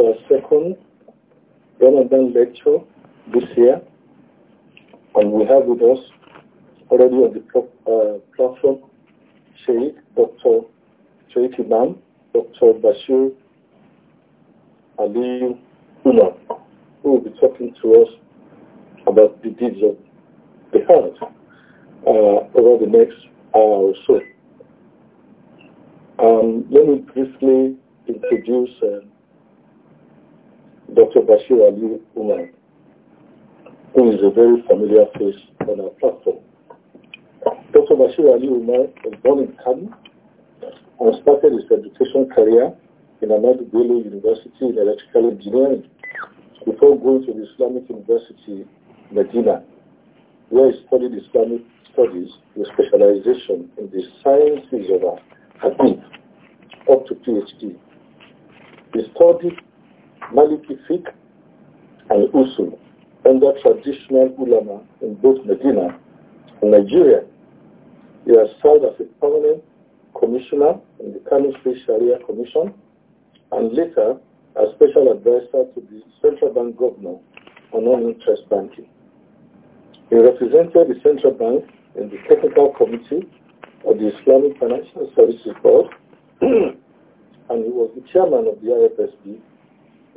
per second Ramadan lecture this year. And we have with us already on the uh, platform Sheikh Dr. Sheikh Imam, Dr. Bashir Ali Umar, who will be talking to us about the deeds of the heart uh, over the next hour or so. Um, let me briefly introduce uh, Dr. Bashir Ali Umar, who is a very familiar face on our platform. Dr. Bashir Ali Umar was born in Kano and started his education career in Ahmadu Bello University in electrical engineering before going to the Islamic University, Medina, where he studied Islamic studies with specialization in the sciences of Hadith up to PhD. He studied Maliki Fiqh and Usul under traditional ulama in both Medina and Nigeria. He has served as a permanent commissioner in the Caliphate Sharia Commission and later as special advisor to the central bank governor on non-interest banking. He represented the central bank in the technical committee of the Islamic Financial Services Board and he was the chairman of the IFSB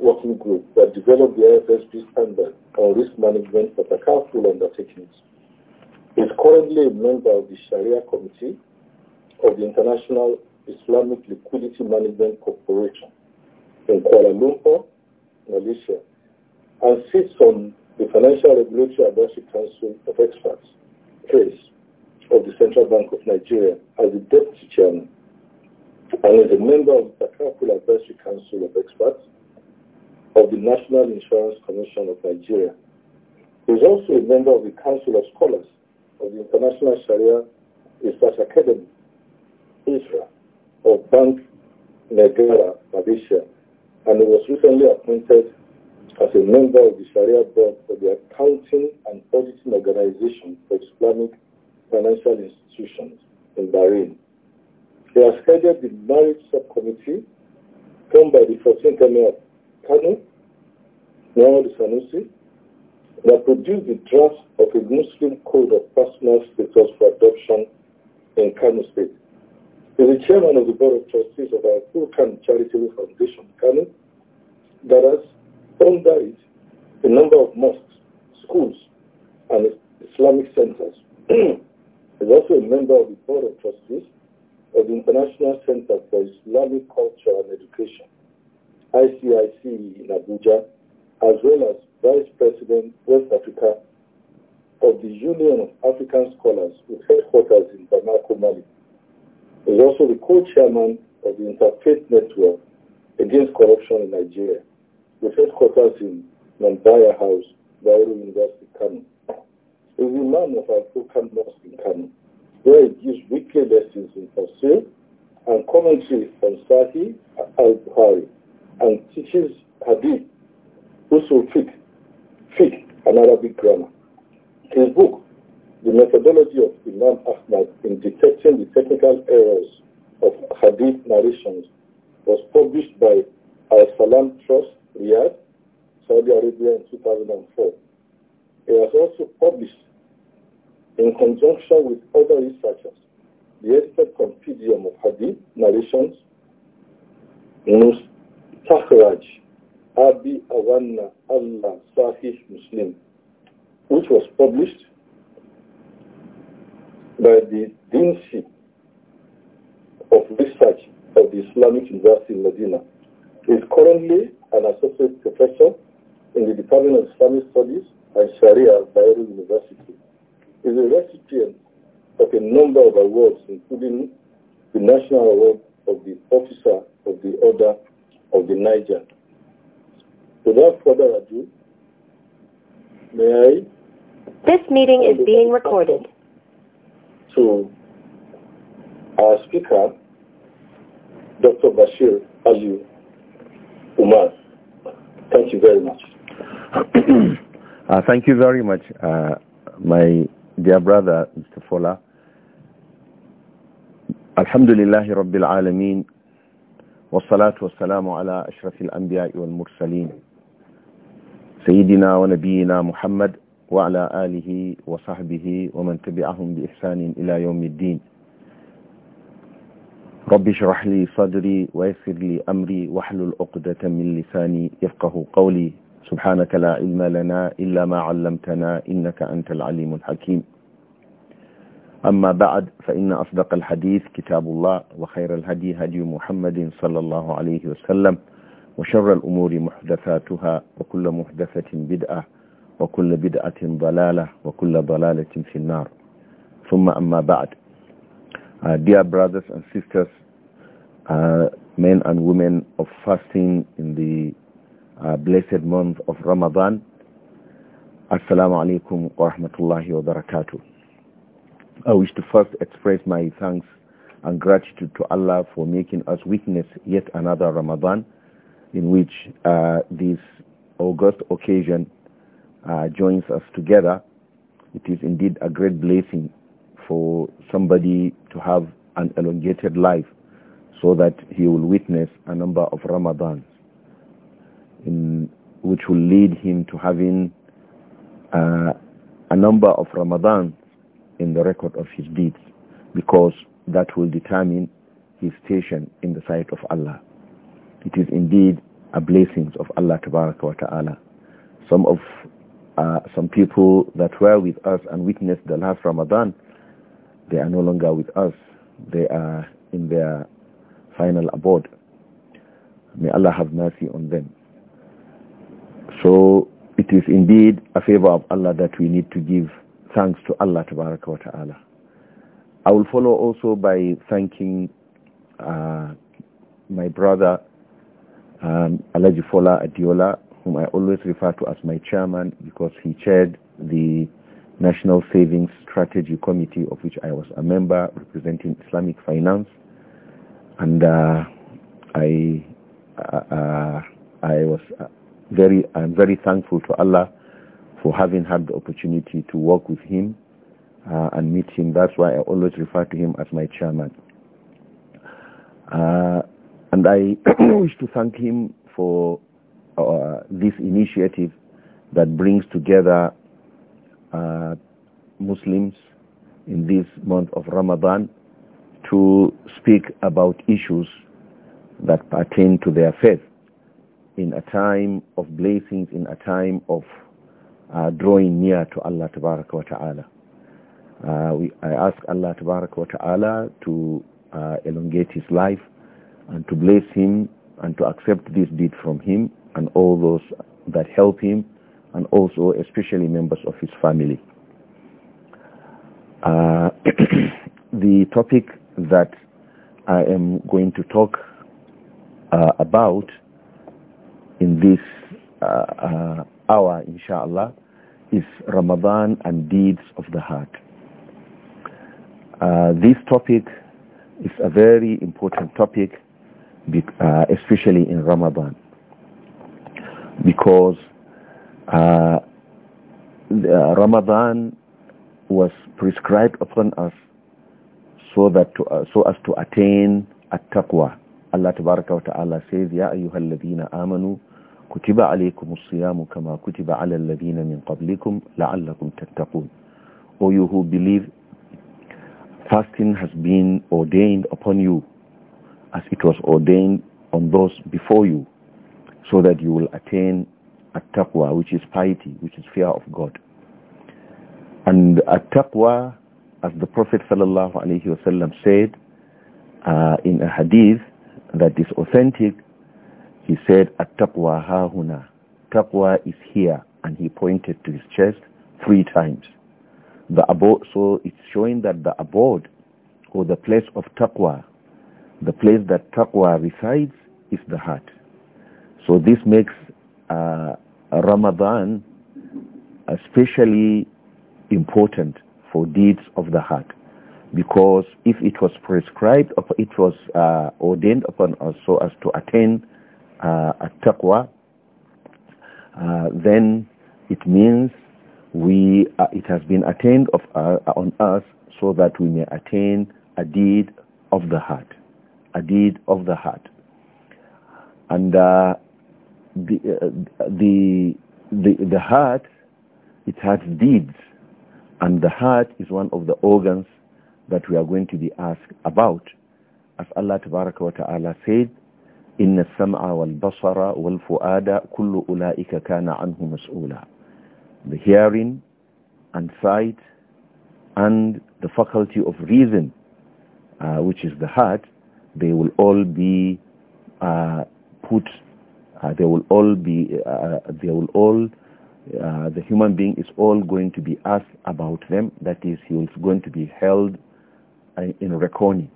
working group that developed the IFSP standard on risk management for successful undertakings. Is currently a member of the Sharia Committee of the International Islamic Liquidity Management Corporation in Kuala Lumpur, Malaysia, and sits on the Financial Regulatory Advisory Council of Experts, CASE, of the Central Bank of Nigeria as the Deputy Chairman, and is a member of the Takakul Advisory Council of Experts, of the National Insurance Commission of Nigeria. He is also a member of the Council of Scholars of the International Sharia Research Academy, Israel, of Bank Negara, Malaysia, and he was recently appointed as a member of the Sharia Board for the Accounting and Auditing Organization for Islamic Financial Institutions in Bahrain. He has headed the Marriage Subcommittee formed by the 14th Emir Kano, Muhammad Sanusi, that produced the draft of a Muslim Code of Personal Status for Adoption in Kano State. He is the chairman of the Board of Trustees of our Fulkan Charitable Foundation, Kano, that has under it a number of mosques, schools, and Islamic centers. is also a member of the Board of Trustees of the International Center for Islamic Culture and Education. ICIC in Abuja, as well as Vice President, West Africa of the Union of African Scholars with headquarters in Bamako, Mali. He is also the co-chairman of the Interfaith Network Against Corruption in Nigeria, with headquarters in Nambaya House, Bayero University, Kano. He is the man of our program Mosque in Kano, where he gives weekly lessons in Tafsir and commentary on Sahih al-Bukhari and teaches hadith, usul fiqh, fiqh, an Arabic grammar. His book, The Methodology of Imam Ahmad in Detecting the Technical Errors of Hadith Narrations, was published by Al-Salam Trust, Riyadh, Saudi Arabia in 2004. It was also published in conjunction with other researchers, the edited compendium of Hadith narrations, Nus Takraj, Abi Awanna Allah Sahih Muslim, which was published by the Deanship of Research of the Islamic University in Medina. He is currently an associate professor in the Department of Islamic Studies and Sharia at University. He is a recipient of a number of awards, including the National Award of the Officer of the Order of the Niger. Without further ado, may I? This meeting is being recorded. To our speaker, Dr. Bashir Ali Umar. Thank you very much. uh, thank you very much, uh, my dear brother, Mr. Fola. الحمد لله رب العالمين والصلاة والسلام على أشرف الأنبياء والمرسلين سيدنا ونبينا محمد وعلى آله وصحبه ومن تبعهم بإحسان إلى يوم الدين رب اشرح لي صدري ويسر لي أمري واحلل عقدة من لساني يفقه قولي سبحانك لا علم لنا إلا ما علمتنا إنك أنت العليم الحكيم أما بعد فإن أصدق الحديث كتاب الله وخير الهدي هدي محمد صلى الله عليه وسلم وشر الأمور محدثاتها وكل محدثة بدعة وكل بدعة ضلالة وكل ضلالة في النار ثم أما بعد uh, Dear brothers and sisters uh, men and women of fasting in the uh, blessed month of Ramadan Assalamu alaikum wa rahmatullahi wa barakatuh I wish to first express my thanks and gratitude to Allah for making us witness yet another Ramadan in which uh, this august occasion uh, joins us together. It is indeed a great blessing for somebody to have an elongated life so that he will witness a number of Ramadans in, which will lead him to having uh, a number of Ramadans in the record of his deeds because that will determine his station in the sight of Allah. It is indeed a blessings of Allah wa ta'ala. Some of uh, some people that were with us and witnessed the last Ramadan, they are no longer with us. They are in their final abode. May Allah have mercy on them. So it is indeed a favor of Allah that we need to give thanks to Allah tabaraka wa ta'ala. I will follow also by thanking uh, my brother um, Alaji Fola Adiola, whom I always refer to as my chairman because he chaired the National Savings Strategy Committee of which I was a member representing Islamic finance. And uh, I, uh, uh I was uh, very, I'm very thankful to Allah for having had the opportunity to work with him uh, and meet him. That's why I always refer to him as my chairman. Uh, and I wish to thank him for uh, this initiative that brings together uh, Muslims in this month of Ramadan to speak about issues that pertain to their faith in a time of blessings, in a time of uh, drawing near to Allah tabaraka wa ta'ala. Uh, we, I ask Allah tabaraka wa ta'ala to uh, elongate his life and to bless him and to accept this deed from him and all those that help him and also especially members of his family. Uh, the topic that I am going to talk uh, about in this uh, uh hour, inshallah, is Ramadan and deeds of the heart. Uh, this topic is a very important topic, uh, especially in Ramadan, because uh, uh, Ramadan was prescribed upon us so that to, uh, so as to attain at-taqwa. Allah wa Ta'ala says, Ya ayyuhalladhina amanu kutiba alaykum as-siyam kama kutiba ala alladhina min qablikum la'allakum O you who believe fasting has been ordained upon you as it was ordained on those before you so that you will attain at-taqwa which is piety which is fear of God and at-taqwa as the prophet sallallahu alaihi wasallam said uh, in a hadith that is authentic he said, At-taqwa hahuna. Taqwa is here. And he pointed to his chest three times. The abode, so it's showing that the abode or the place of taqwa, the place that taqwa resides is the heart. So this makes uh, Ramadan especially uh, important for deeds of the heart because if it was prescribed, it was uh, ordained upon us so as to attain uh, at-taqwa, uh, then it means we uh, it has been attained of, uh, on us so that we may attain a deed of the heart, a deed of the heart. And uh, the, uh, the, the, the heart, it has deeds, and the heart is one of the organs that we are going to be asked about. As Allah Ta'ala said, إن السمع والبصر والفؤاد كل أولئك كان عنه مسؤولا The hearing and sight and the faculty of reason uh, which is the heart they will all be uh, put uh, they will all be uh, they will all uh, the human being is all going to be asked about them that is he is going to be held uh, in reckoning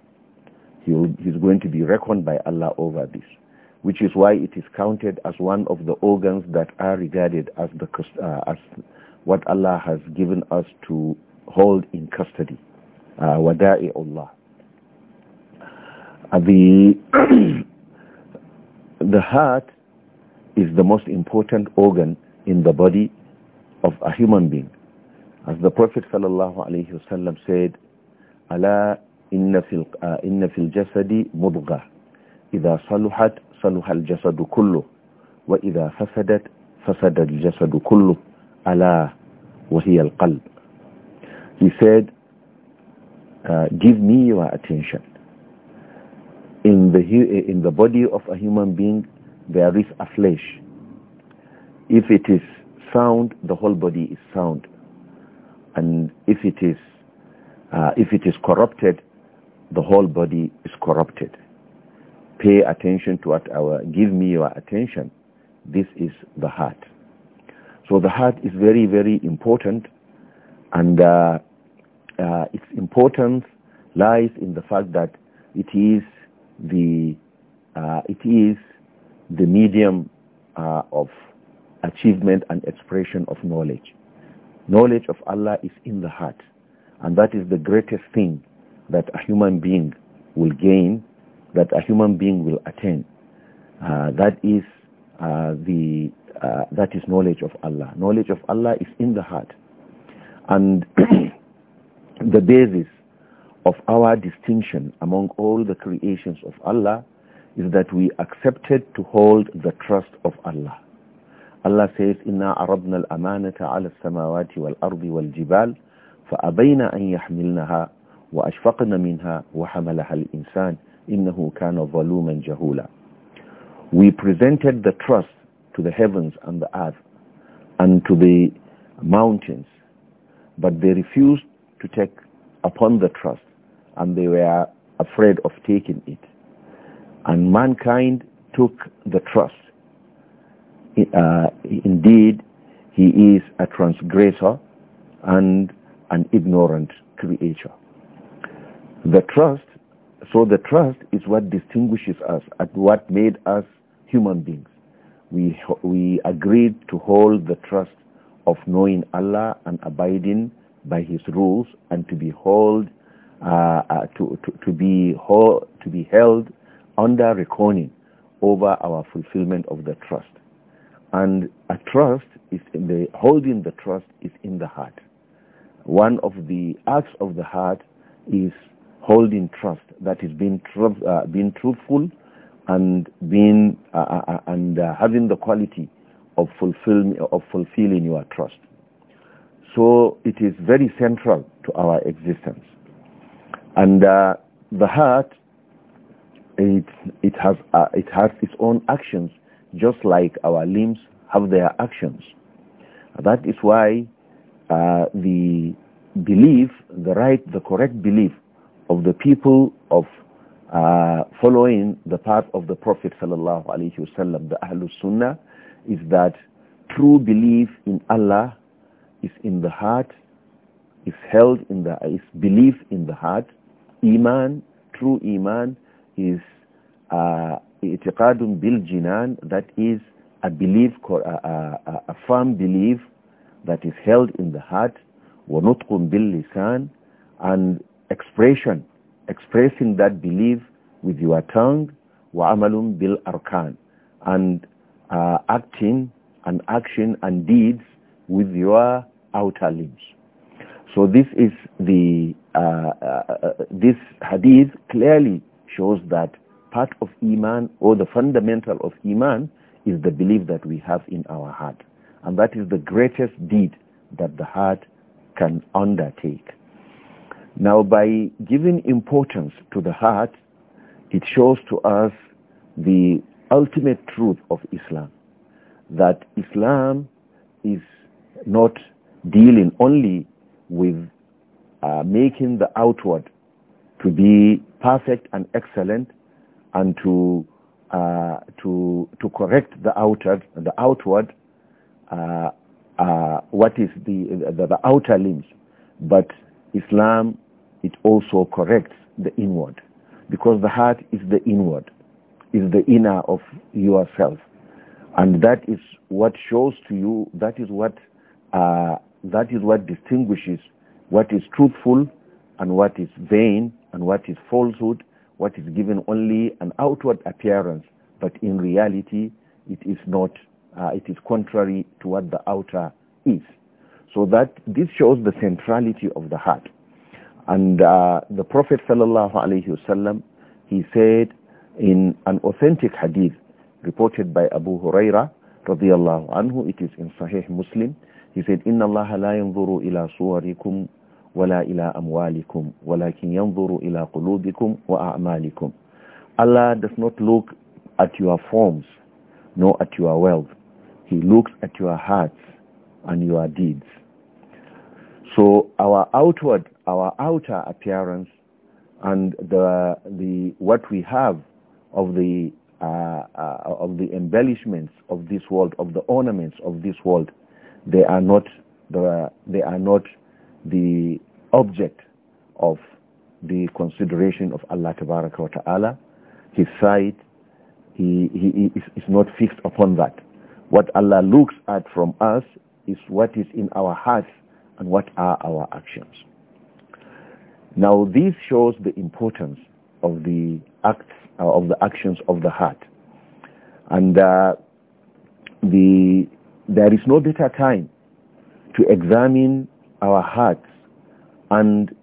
he will, he's going to be reckoned by Allah over this, which is why it is counted as one of the organs that are regarded as, the, uh, as what Allah has given us to hold in custody, uh, wada'i Allah. Uh, the, the heart is the most important organ in the body of a human being. As the Prophet sallallahu alayhi wasallam said, Allah. إن في, إن في الجسد مضغة إذا صلحت صلح الجسد كله وإذا فسدت فسد الجسد كله ألا وهي القلب He said, uh, give me your attention. In the, in the body of a human being, there is a flesh. If it is sound, the whole body is sound. And if it is, uh, if it is corrupted, the whole body is corrupted. Pay attention to what our, give me your attention. This is the heart. So the heart is very, very important and uh, uh, its importance lies in the fact that it is the, uh, it is the medium uh, of achievement and expression of knowledge. Knowledge of Allah is in the heart and that is the greatest thing that a human being will gain, that a human being will attain. Uh, that is uh, the uh, that is knowledge of Allah. Knowledge of Allah is in the heart, and the basis of our distinction among all the creations of Allah is that we accepted to hold the trust of Allah. Allah says, "Inna arabna al-amanata al-samawati wal-ardi wal-jibal, فأبين أن يحملنها وأشفقنا منها وحملها الإنسان إنه كان ظلوما جهولا We presented the trust to the heavens and the earth and to the mountains, but they refused to take upon the trust and they were afraid of taking it. And mankind took the trust. Uh, indeed, he is a transgressor and an ignorant creature. The trust, so the trust is what distinguishes us and what made us human beings. We, we agreed to hold the trust of knowing Allah and abiding by His rules and to be held, uh, uh, to, to, to, be hold, to be held under reckoning over our fulfillment of the trust. And a trust is in the, holding the trust is in the heart. One of the acts of the heart is holding trust, that is being, uh, being truthful and being uh, uh, uh, and uh, having the quality of fulfilling of fulfilling your trust. So it is very central to our existence, and uh, the heart it it has it has its own actions just like our limbs have their actions. That is why the belief, the right, the correct belief of the people of uh, following the path of the Prophet sallallahu alaihi wasallam, the Ahlul Sunnah, is that true belief in Allah is in the heart, is held in the, is belief in the heart. Iman, true Iman is uh, i'tiqadun bil jinan, that is a belief, a, a, a firm belief that is held in the heart, wa nutqun bil lisan, and expression, expressing that belief with your tongue, bil arkan, and uh, acting and action and deeds with your outer limbs. So this is the uh, uh, uh, this hadith clearly shows that part of iman or the fundamental of iman is the belief that we have in our heart, and that is the greatest deed that the heart can undertake. Now by giving importance to the heart, it shows to us the ultimate truth of Islam, that Islam is not dealing only with uh, making the outward to be perfect and excellent and to uh, to to correct the outer the outward uh, uh what is the, the the outer limbs but islam it also corrects the inward. Because the heart is the inward, is the inner of yourself. And that is what shows to you, that is what, uh, that is what distinguishes what is truthful and what is vain and what is falsehood, what is given only an outward appearance, but in reality it is not, uh, it is contrary to what the outer is. So that this shows the centrality of the heart. And uh, the Prophet sallallahu alaihi wasallam, he said in an authentic hadith reported by Abu Huraira radiyallahu anhu, it is in Sahih Muslim, he said, إِنَّ اللَّهَ لَا يَنْظُرُ إِلَى صُوَرِكُمْ وَلَا إِلَى أَمْوَالِكُمْ وَلَكِنْ يَنْظُرُ إِلَى قُلُوبِكُمْ وَأَعْمَالِكُمْ Allah does not look at your forms, nor at your wealth. He looks at your hearts and your deeds. So our outward our outer appearance and the, the, what we have of the, uh, uh, of the embellishments of this world, of the ornaments of this world, they are not the, they are not the object of the consideration of Allah wa Ta'ala. His sight, he, he is not fixed upon that. What Allah looks at from us is what is in our hearts and what are our actions. Now this shows the importance of the acts, uh, of the actions of the heart. And uh, the, there is no better time to examine our hearts and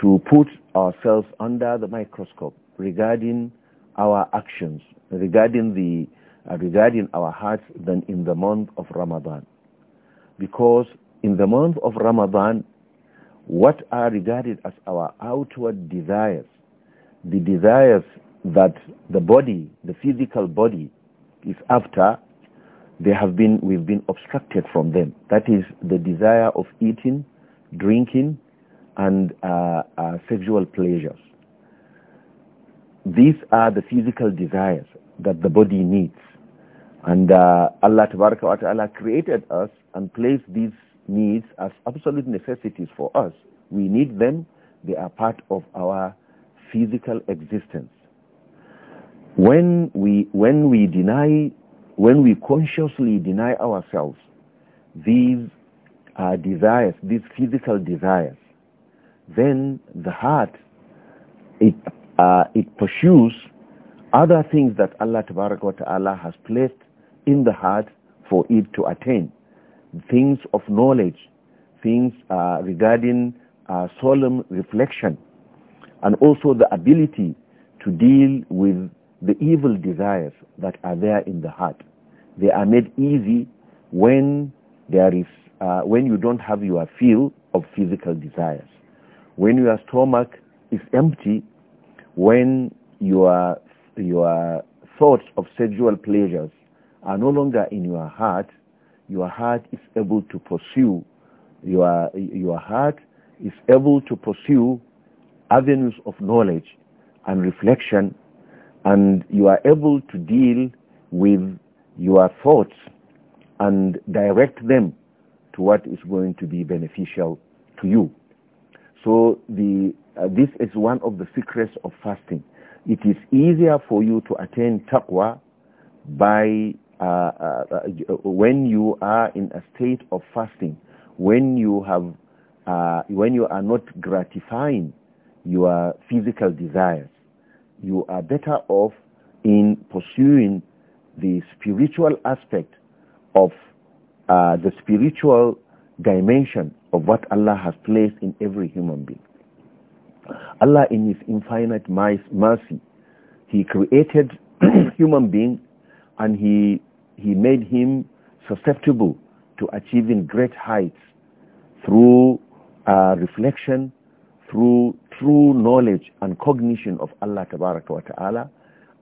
to put ourselves under the microscope regarding our actions, regarding, the, uh, regarding our hearts than in the month of Ramadan. Because in the month of Ramadan, what are regarded as our outward desires, the desires that the body, the physical body, is after, they have been, we've been obstructed from them. That is the desire of eating, drinking, and uh, uh, sexual pleasures. These are the physical desires that the body needs. And uh, Allah Ta'ala created us and placed these needs as absolute necessities for us. We need them. They are part of our physical existence. When we, when we deny, when we consciously deny ourselves these uh, desires, these physical desires, then the heart, it, uh, it pursues other things that Allah Ta'ala has placed in the heart for it to attain things of knowledge, things uh, regarding uh, solemn reflection, and also the ability to deal with the evil desires that are there in the heart. They are made easy when there is uh, when you don't have your fill of physical desires, when your stomach is empty, when your your thoughts of sexual pleasures are no longer in your heart, your heart is able to pursue your your heart is able to pursue avenues of knowledge and reflection and you are able to deal with your thoughts and direct them to what is going to be beneficial to you. So the, uh, this is one of the secrets of fasting. It is easier for you to attain taqwa by uh, uh, uh, when you are in a state of fasting, when you have, when you are not gratifying your physical desires, you are better off in pursuing the spiritual aspect of uh, the spiritual dimension of what Allah has placed in every human being. Allah in His infinite mercy, He created human being and He he made him susceptible to achieving great heights through uh, reflection, through true knowledge and cognition of Allah wa ta'ala,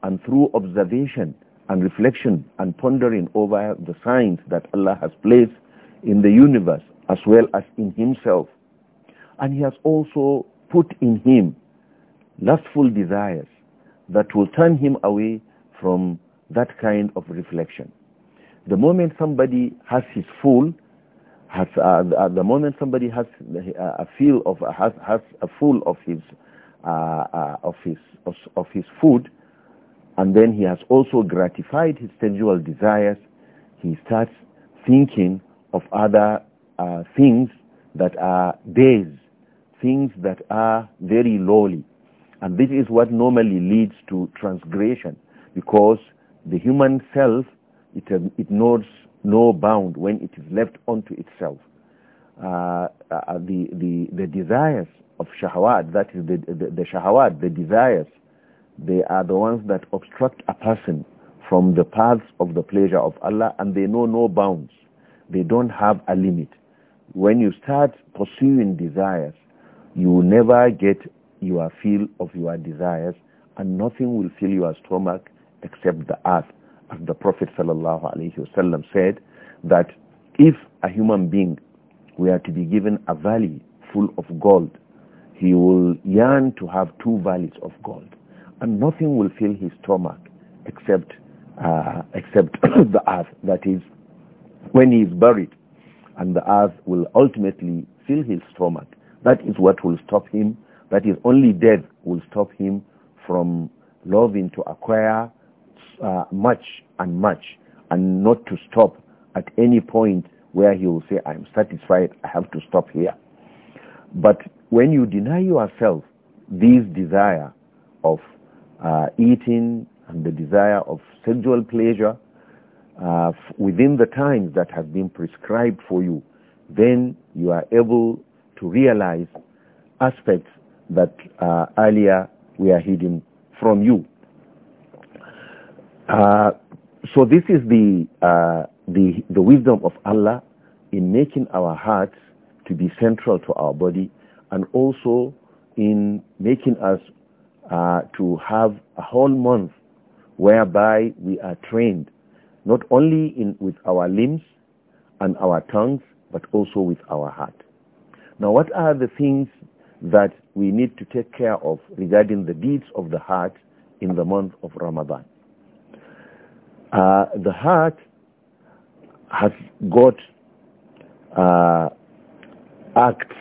and through observation and reflection and pondering over the signs that Allah has placed in the universe as well as in himself. And he has also put in him lustful desires that will turn him away from that kind of reflection the moment somebody has his full, has uh, the, uh, the moment somebody has uh, a feel of uh, has has a full of his uh, of his of, of his food, and then he has also gratified his sensual desires, he starts thinking of other things that are days, things that are very lowly, and this is what normally leads to transgression, because the human self it, uh, it knows no bound when it is left unto itself. Uh, uh, the, the, the desires of shahawat, that is the, the, the shahawat, the desires, they are the ones that obstruct a person from the paths of the pleasure of Allah and they know no bounds. They don't have a limit. When you start pursuing desires, you will never get your fill of your desires and nothing will fill your stomach except the earth the Prophet ﷺ said that if a human being were to be given a valley full of gold, he will yearn to have two valleys of gold, and nothing will fill his stomach except uh, except the earth. That is, when he is buried, and the earth will ultimately fill his stomach. That is what will stop him. That is only death will stop him from loving to acquire uh, much and much and not to stop at any point where he will say, I'm satisfied, I have to stop here. But when you deny yourself this desire of uh, eating and the desire of sexual pleasure uh, within the times that have been prescribed for you, then you are able to realize aspects that uh, earlier were hidden from you. Uh, so this is the, uh, the, the wisdom of Allah in making our hearts to be central to our body and also in making us uh, to have a whole month whereby we are trained not only in, with our limbs and our tongues but also with our heart. Now what are the things that we need to take care of regarding the deeds of the heart in the month of Ramadan? Uh, the heart has got uh, acts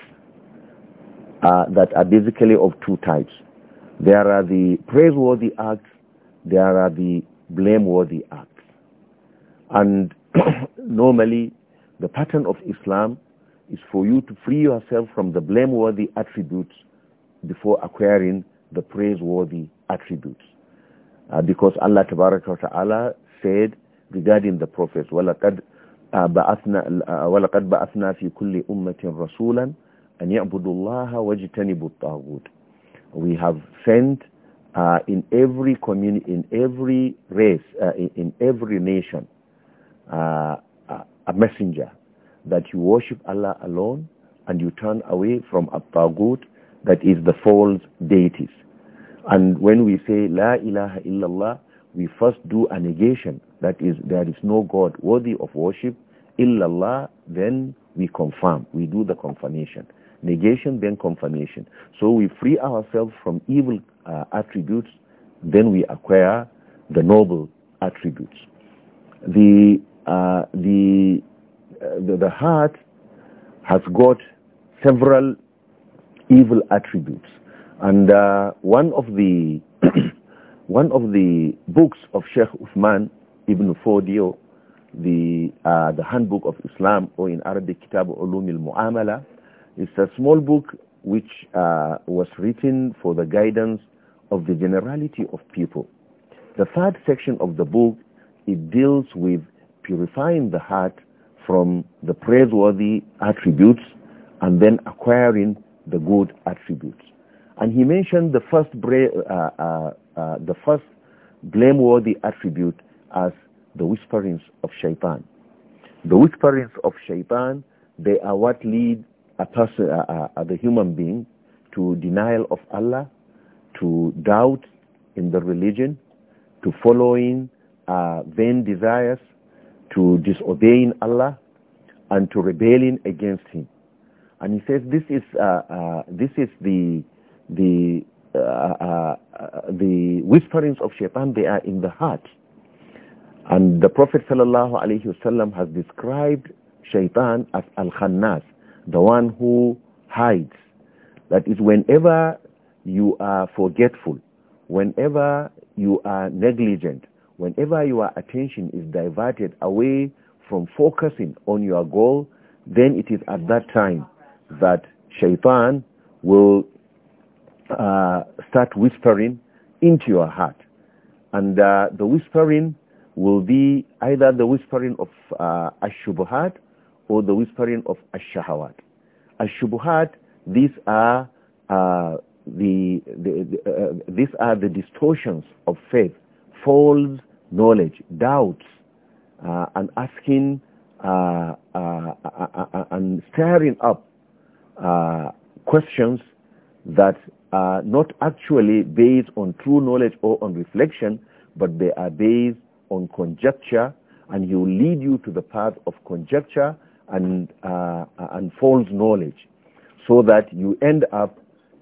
uh, that are basically of two types. There are the praiseworthy acts, there are the blameworthy acts. And normally the pattern of Islam is for you to free yourself from the blameworthy attributes before acquiring the praiseworthy attributes. Uh, because Allah Ta'ala said regarding the prophets, وَلَقَدْ بَعَثْنَا فِي كُلِّ أُمَّةٍ رَسُولًا أَنْ يَعْبُدُوا اللَّهَ وَاجْتَنِبُوا الطَّاغُوتِ We have sent uh, in every community, in every race, uh, in, every nation, uh, a messenger that you worship Allah alone and you turn away from at-taghut, is the false deities. And when we say La ilaha illallah, we first do a negation, that is, there is no God worthy of worship, illallah, then we confirm, we do the confirmation. Negation, then confirmation. So we free ourselves from evil uh, attributes, then we acquire the noble attributes. The, uh, the, uh, the, the heart has got several evil attributes. And uh, one of the One of the books of Sheikh Uthman ibn Fodio, the, uh, the Handbook of Islam, or in Arabic, Kitab Ulum al-Mu'amala, is a small book which uh, was written for the guidance of the generality of people. The third section of the book, it deals with purifying the heart from the praiseworthy attributes and then acquiring the good attributes. And he mentioned the first uh, uh, uh, the first blameworthy attribute as the whisperings of shaitan. The whisperings of shaitan, they are what lead a person, uh, uh, the human being, to denial of Allah, to doubt in the religion, to following uh, vain desires, to disobeying Allah, and to rebelling against Him. And he says this is uh, uh, this is the the uh, uh, uh, the whisperings of shaitan, they are in the heart. And the Prophet sallallahu alaihi wasallam has described shaitan as al-khannas, the one who hides. That is, whenever you are forgetful, whenever you are negligent, whenever your attention is diverted away from focusing on your goal, then it is at that time that shaitan will uh, start whispering into your heart. And uh, the whispering will be either the whispering of uh, ash or the whispering of ash-shahawat. these are uh, the, the, uh, these are the distortions of faith, false knowledge, doubts, uh, and asking uh, uh, uh, uh and stirring up questions that are not actually based on true knowledge or on reflection, but they are based on conjecture and he will lead you to the path of conjecture and, uh, and false knowledge so that you end up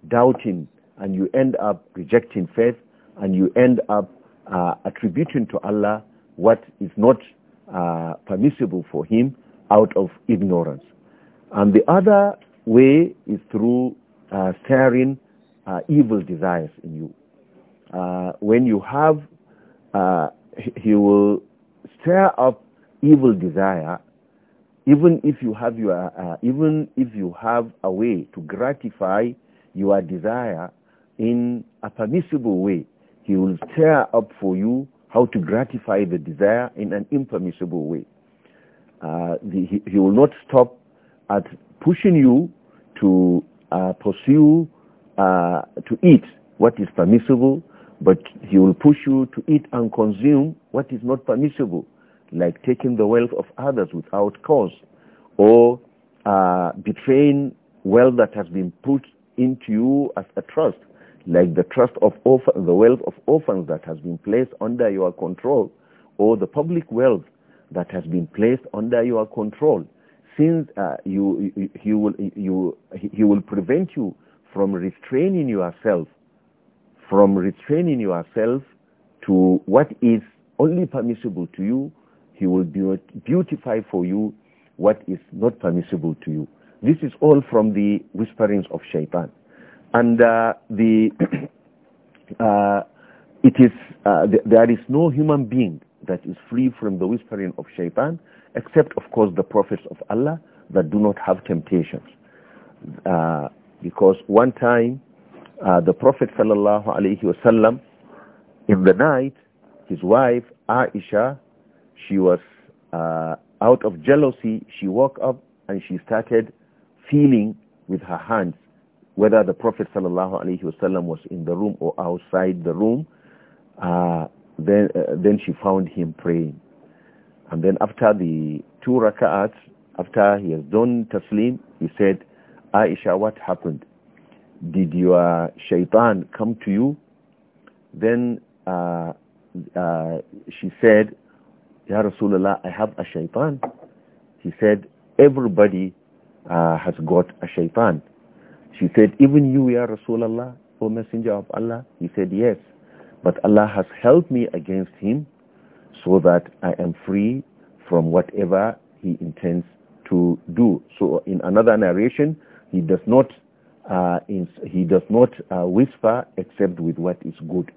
doubting and you end up rejecting faith and you end up uh, attributing to Allah what is not uh, permissible for him out of ignorance. And the other way is through uh, staring uh, evil desires in you. Uh, when you have, uh, he will stir up evil desire, even if you have your, uh, even if you have a way to gratify your desire in a permissible way, he will stir up for you how to gratify the desire in an impermissible way. Uh, the, he, he, will not stop at pushing you to uh, pursue uh, to eat what is permissible, but he will push you to eat and consume what is not permissible, like taking the wealth of others without cause, or uh, betraying wealth that has been put into you as a trust, like the trust of orphan, the wealth of orphans that has been placed under your control, or the public wealth that has been placed under your control. Since uh, you, you, he will, you, he will prevent you from restraining yourself, from restraining yourself to what is only permissible to you, he will beautify for you what is not permissible to you. This is all from the whisperings of shaitan. And uh, the, uh, it is, uh, th there is no human being that is free from the whispering of shaitan, except of course the prophets of Allah that do not have temptations. Uh, because one time uh, the Prophet sallallahu alaihi wasallam in the night his wife Aisha she was uh, out of jealousy she woke up and she started feeling with her hands whether the Prophet sallallahu alaihi wasallam was in the room or outside the room uh, then uh, then she found him praying and then after the two rak'ats after he has done taslim he said Aisha, what happened? Did your shaitan come to you? Then uh, uh, she said, Ya Rasulullah, I have a shaitan. He said, everybody uh, has got a shaitan. She said, even you, Ya Rasulullah, O Messenger of Allah? He said, yes. But Allah has helped me against him so that I am free from whatever he intends to do. So in another narration, he does not, uh, he does not uh, whisper except with what is good.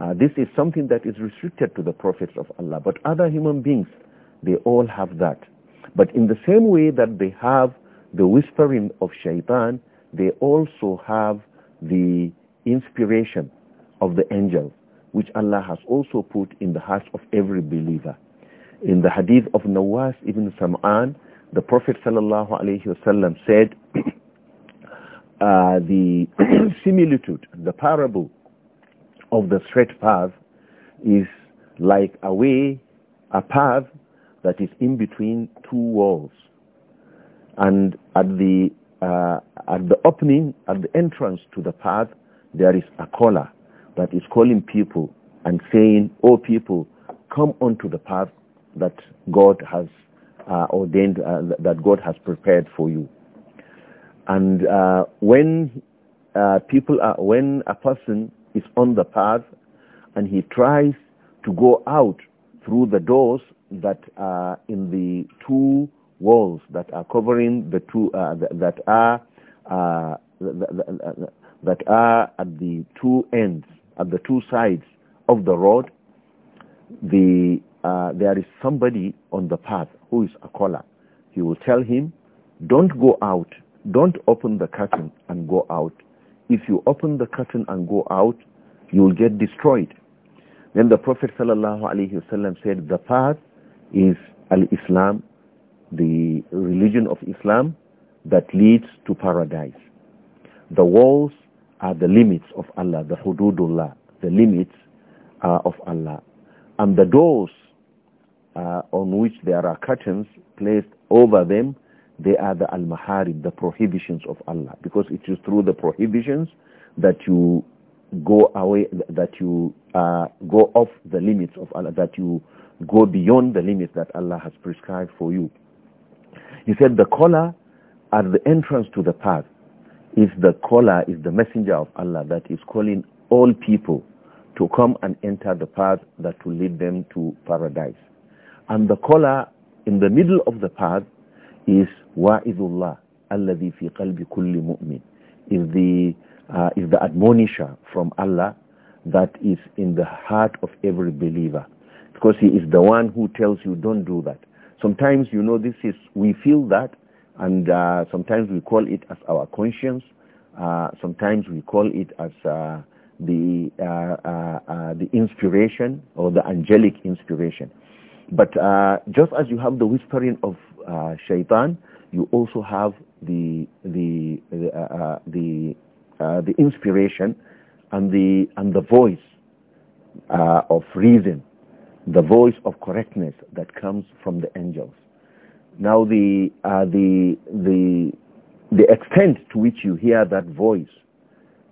Uh, this is something that is restricted to the prophets of Allah. But other human beings, they all have that. But in the same way that they have the whispering of shaitan, they also have the inspiration of the angels, which Allah has also put in the hearts of every believer. In the hadith of Nawas ibn Sam'an, the Prophet ﷺ said, uh, the similitude, the parable of the straight path is like a way, a path that is in between two walls. And at the, uh, at the opening, at the entrance to the path, there is a caller that is calling people and saying, oh people, come onto the path that God has uh, ordained, uh, that God has prepared for you." And uh, when uh, people are, when a person is on the path and he tries to go out through the doors that are in the two walls that are covering the two uh, that, that are uh, that, that are at the two ends at the two sides of the road the uh, there is somebody on the path who is a caller he will tell him don't go out don't open the curtain and go out. If you open the curtain and go out, you will get destroyed. Then the Prophet ﷺ said, the path is al-Islam, the religion of Islam that leads to paradise. The walls are the limits of Allah, the hududullah, the limits uh, of Allah. And the doors uh, on which there are curtains placed over them they are the al-maharib, the prohibitions of Allah. Because it is through the prohibitions that you go away, that you uh, go off the limits of Allah, that you go beyond the limits that Allah has prescribed for you. He said the caller at the entrance to the path is the caller, is the messenger of Allah that is calling all people to come and enter the path that will lead them to paradise. And the caller in the middle of the path is wa'idullah alladhi fi qalbi kulli mu'min is the uh, is the admonisher from Allah that is in the heart of every believer because he is the one who tells you don't do that sometimes you know this is we feel that and uh, sometimes we call it as our conscience uh, sometimes we call it as uh, the uh, uh, uh, the inspiration or the angelic inspiration but just as you have the whispering of uh, shaitan, you also have the the the uh, uh, the, uh, the, inspiration and the and the voice uh, of reason, the voice of correctness that comes from the angels. Now the uh, the the the extent to which you hear that voice,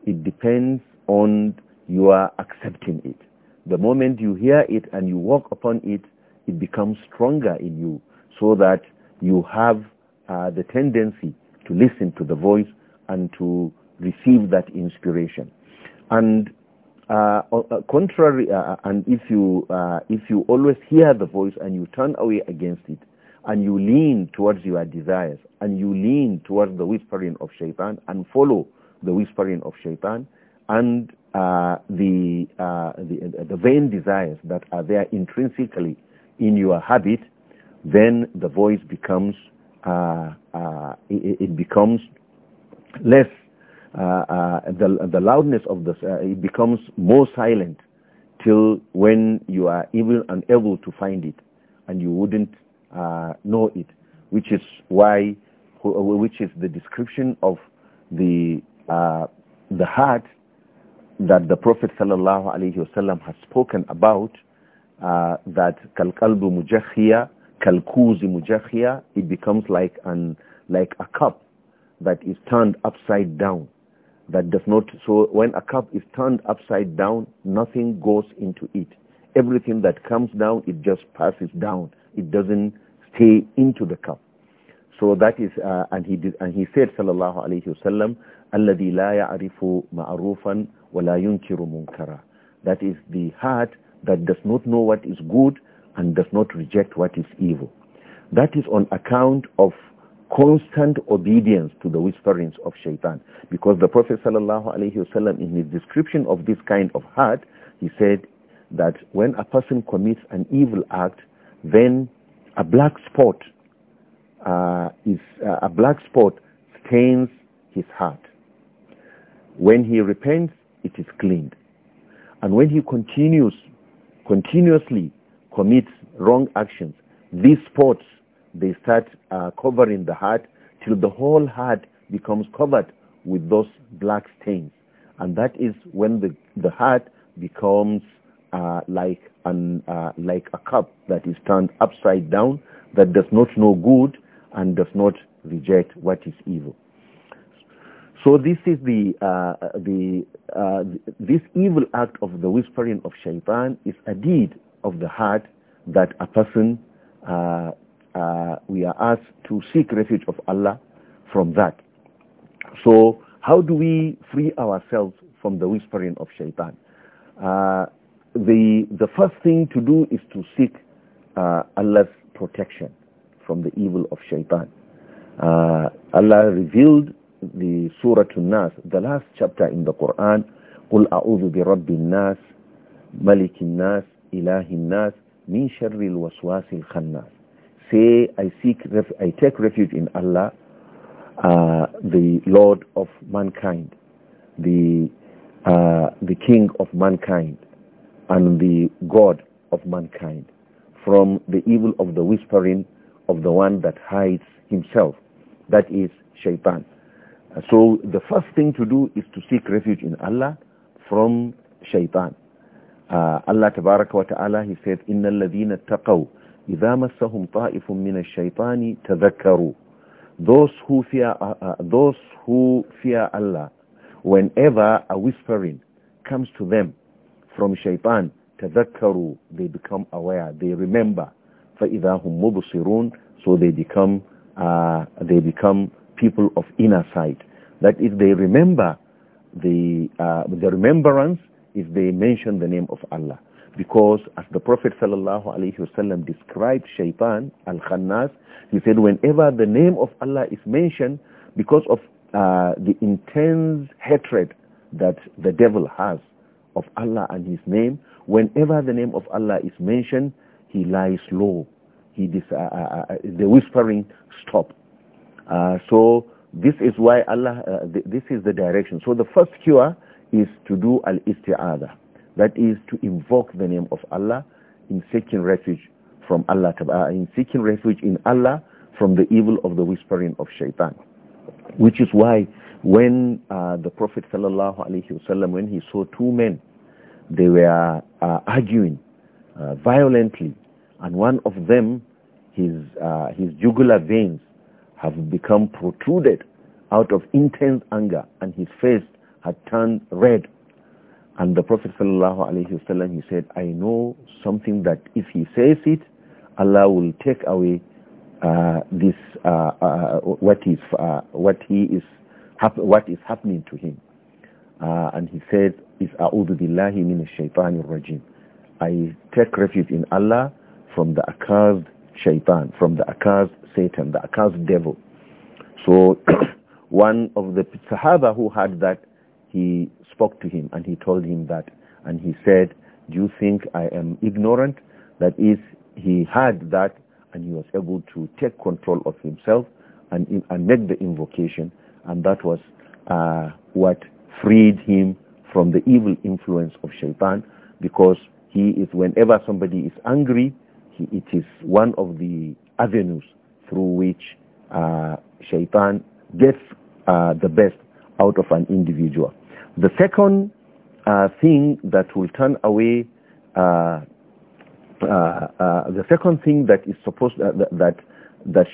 it depends on your accepting it. The moment you hear it and you walk upon it, it becomes stronger in you so that you have uh, the tendency to listen to the voice and to receive that inspiration. And uh, uh contrary, uh, uh, and if you uh, if you always hear the voice and you turn away against it, and you lean towards your desires, and you lean towards the whispering of shaitan, and follow the whispering of shaitan, and the, the the vain desires that are there intrinsically in your habit, then the voice becomes uh, uh, it, it, becomes less uh, uh, the the loudness of the; uh, it becomes more silent till when you are even unable to find it and you wouldn't uh, know it, which is why which is the description of the the heart that the Prophet sallallahu alaihi wasallam has spoken about that kalqalbu mujahiyah kalkuzi mujakhia, it becomes like an like a cup that is turned upside down. That does not so when a cup is turned upside down, nothing goes into it. Everything that comes down, it just passes down. It doesn't stay into the cup. So that is, uh, and he did, and he said, sallallahu alayhi wasallam, alladhi la ya'rifu ma'rufan wa la yunkiru munkara. That is the heart that does not know what is good and does not reject what is evil. That is on account of constant obedience to the whisperings of shaitan. Because the Prophet ﷺ, in his description of this kind of heart, he said that when a person commits an evil act, then a black spot uh, is uh, a black spot stains his heart. When he repents, it is cleaned. And when he continues continuously commits wrong actions, these spots, they start uh, covering the heart till the whole heart becomes covered with those black stains. And that is when the, the heart becomes uh, like, an, uh, like a cup that is turned upside down, that does not know good and does not reject what is evil. So this is the, uh, the, uh, this evil act of the whispering of shaitan is a deed of the heart that a person, uh, uh, we are asked to seek refuge of Allah from that. So how do we free ourselves from the whispering of shaitan? Uh, the, the first thing to do is to seek uh, Allah's protection from the evil of shaitan. Uh, Allah revealed the Surah to nas the last chapter in the Quran, قُلْ أَعُوذُ بِرَبِّ النَّاسِ مَلِكِ النَّاسِ ilahin nas min sharril waswasil khannas say i seek i take refuge in allah uh, the lord of mankind the uh, the king of mankind and the god of mankind from the evil of the whispering of the one that hides himself that is shaitan so the first thing to do is to seek refuge in allah from shaitan uh, Allah tabaraka wa ta'ala he said innal ladhina taqaw idha massahum ta'ifun min ash-shaytani tadhakkaru those who fear uh, uh, those who fear Allah whenever a whispering comes to them from Shaytan tadhakkaru they become aware they remember فَإِذَا هُمْ مُبْصِرُونَ so they become uh, they become people of inner sight that if they remember the uh, the remembrance if they mention the name of Allah. Because as the Prophet ﷺ described shaitan, al-khannas, he said whenever the name of Allah is mentioned, because of uh, the intense hatred that the devil has of Allah and his name, whenever the name of Allah is mentioned, he lies low. He dis- uh, uh, uh, uh the whispering stop. Uh, so this is why Allah, th this is the direction. So the first cure is to do al-isti'adha. That is to invoke the name of Allah in seeking refuge from Allah, uh, in seeking refuge in Allah from the evil of the whispering of shaitan. Which is why when uh, the Prophet sallallahu alaihi wasallam, when he saw two men, they were uh, arguing uh, violently, and one of them, his uh, his jugular veins have become protruded out of intense anger, and his face had turned red. And the Prophet sallallahu alaihi wasallam he said, I know something that if he says it, Allah will take away uh, this uh, uh, what is uh, what he is what is happening to him. Uh, and he said, "Is a'udhu billahi min shaytanir rajim." I take refuge in Allah from the accursed shaitan, from the accursed Satan, the accursed devil. So one of the Sahaba who had that he spoke to him and he told him that. And he said, do you think I am ignorant? That is, he had that and he was able to take control of himself and, and make the invocation. And that was uh, what freed him from the evil influence of shaitan because he is, whenever somebody is angry, he, it is one of the avenues through which uh, shaitan gets uh, the best out of an individual. The second uh, thing that will turn away, uh, uh, uh the second thing that is supposed uh, that uh, that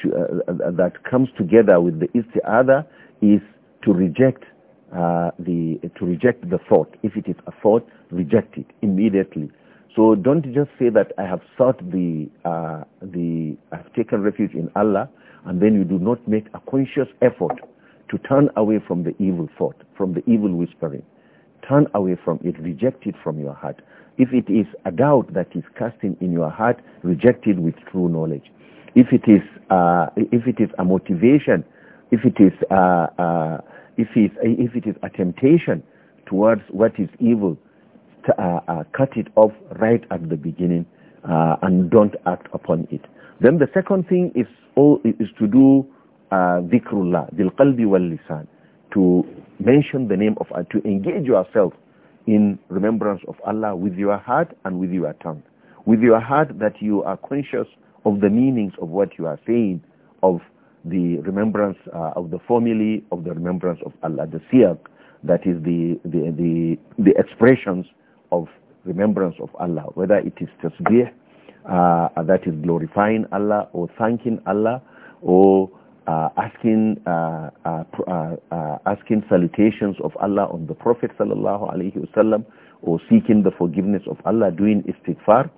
that comes together with the other is to reject the to reject the thought. If it is a thought, reject it immediately. So don't just say that I have sought the the I've taken refuge in Allah, and then you do not make a conscious effort to turn away from the evil thought, from the evil whispering. Turn away from it, reject it from your heart. If it is a doubt that is casting in your heart, reject it with true knowledge. If it is, uh, if it is a motivation, if it is, uh, uh, if, it, if it is a temptation towards what is evil, uh, uh, cut it off right at the beginning uh, and don't act upon it. Then the second thing is, all, is to do uh, dhikrullah, bil qalbi wal lisan, to mention the name of Allah, uh, to engage yourself in remembrance of Allah with your heart and with your tongue. With your heart that you are conscious of the meanings of what you are saying, of the remembrance uh, of the formulae, of the remembrance of Allah, the siyaq, that is the, the, the, the expressions of remembrance of Allah, whether it is tasbih, uh, that is glorifying Allah or thanking Allah or uh, asking uh uh, uh, uh, asking salutations of Allah on the Prophet sallallahu alaihi wasallam or seeking the forgiveness of Allah, doing istighfar,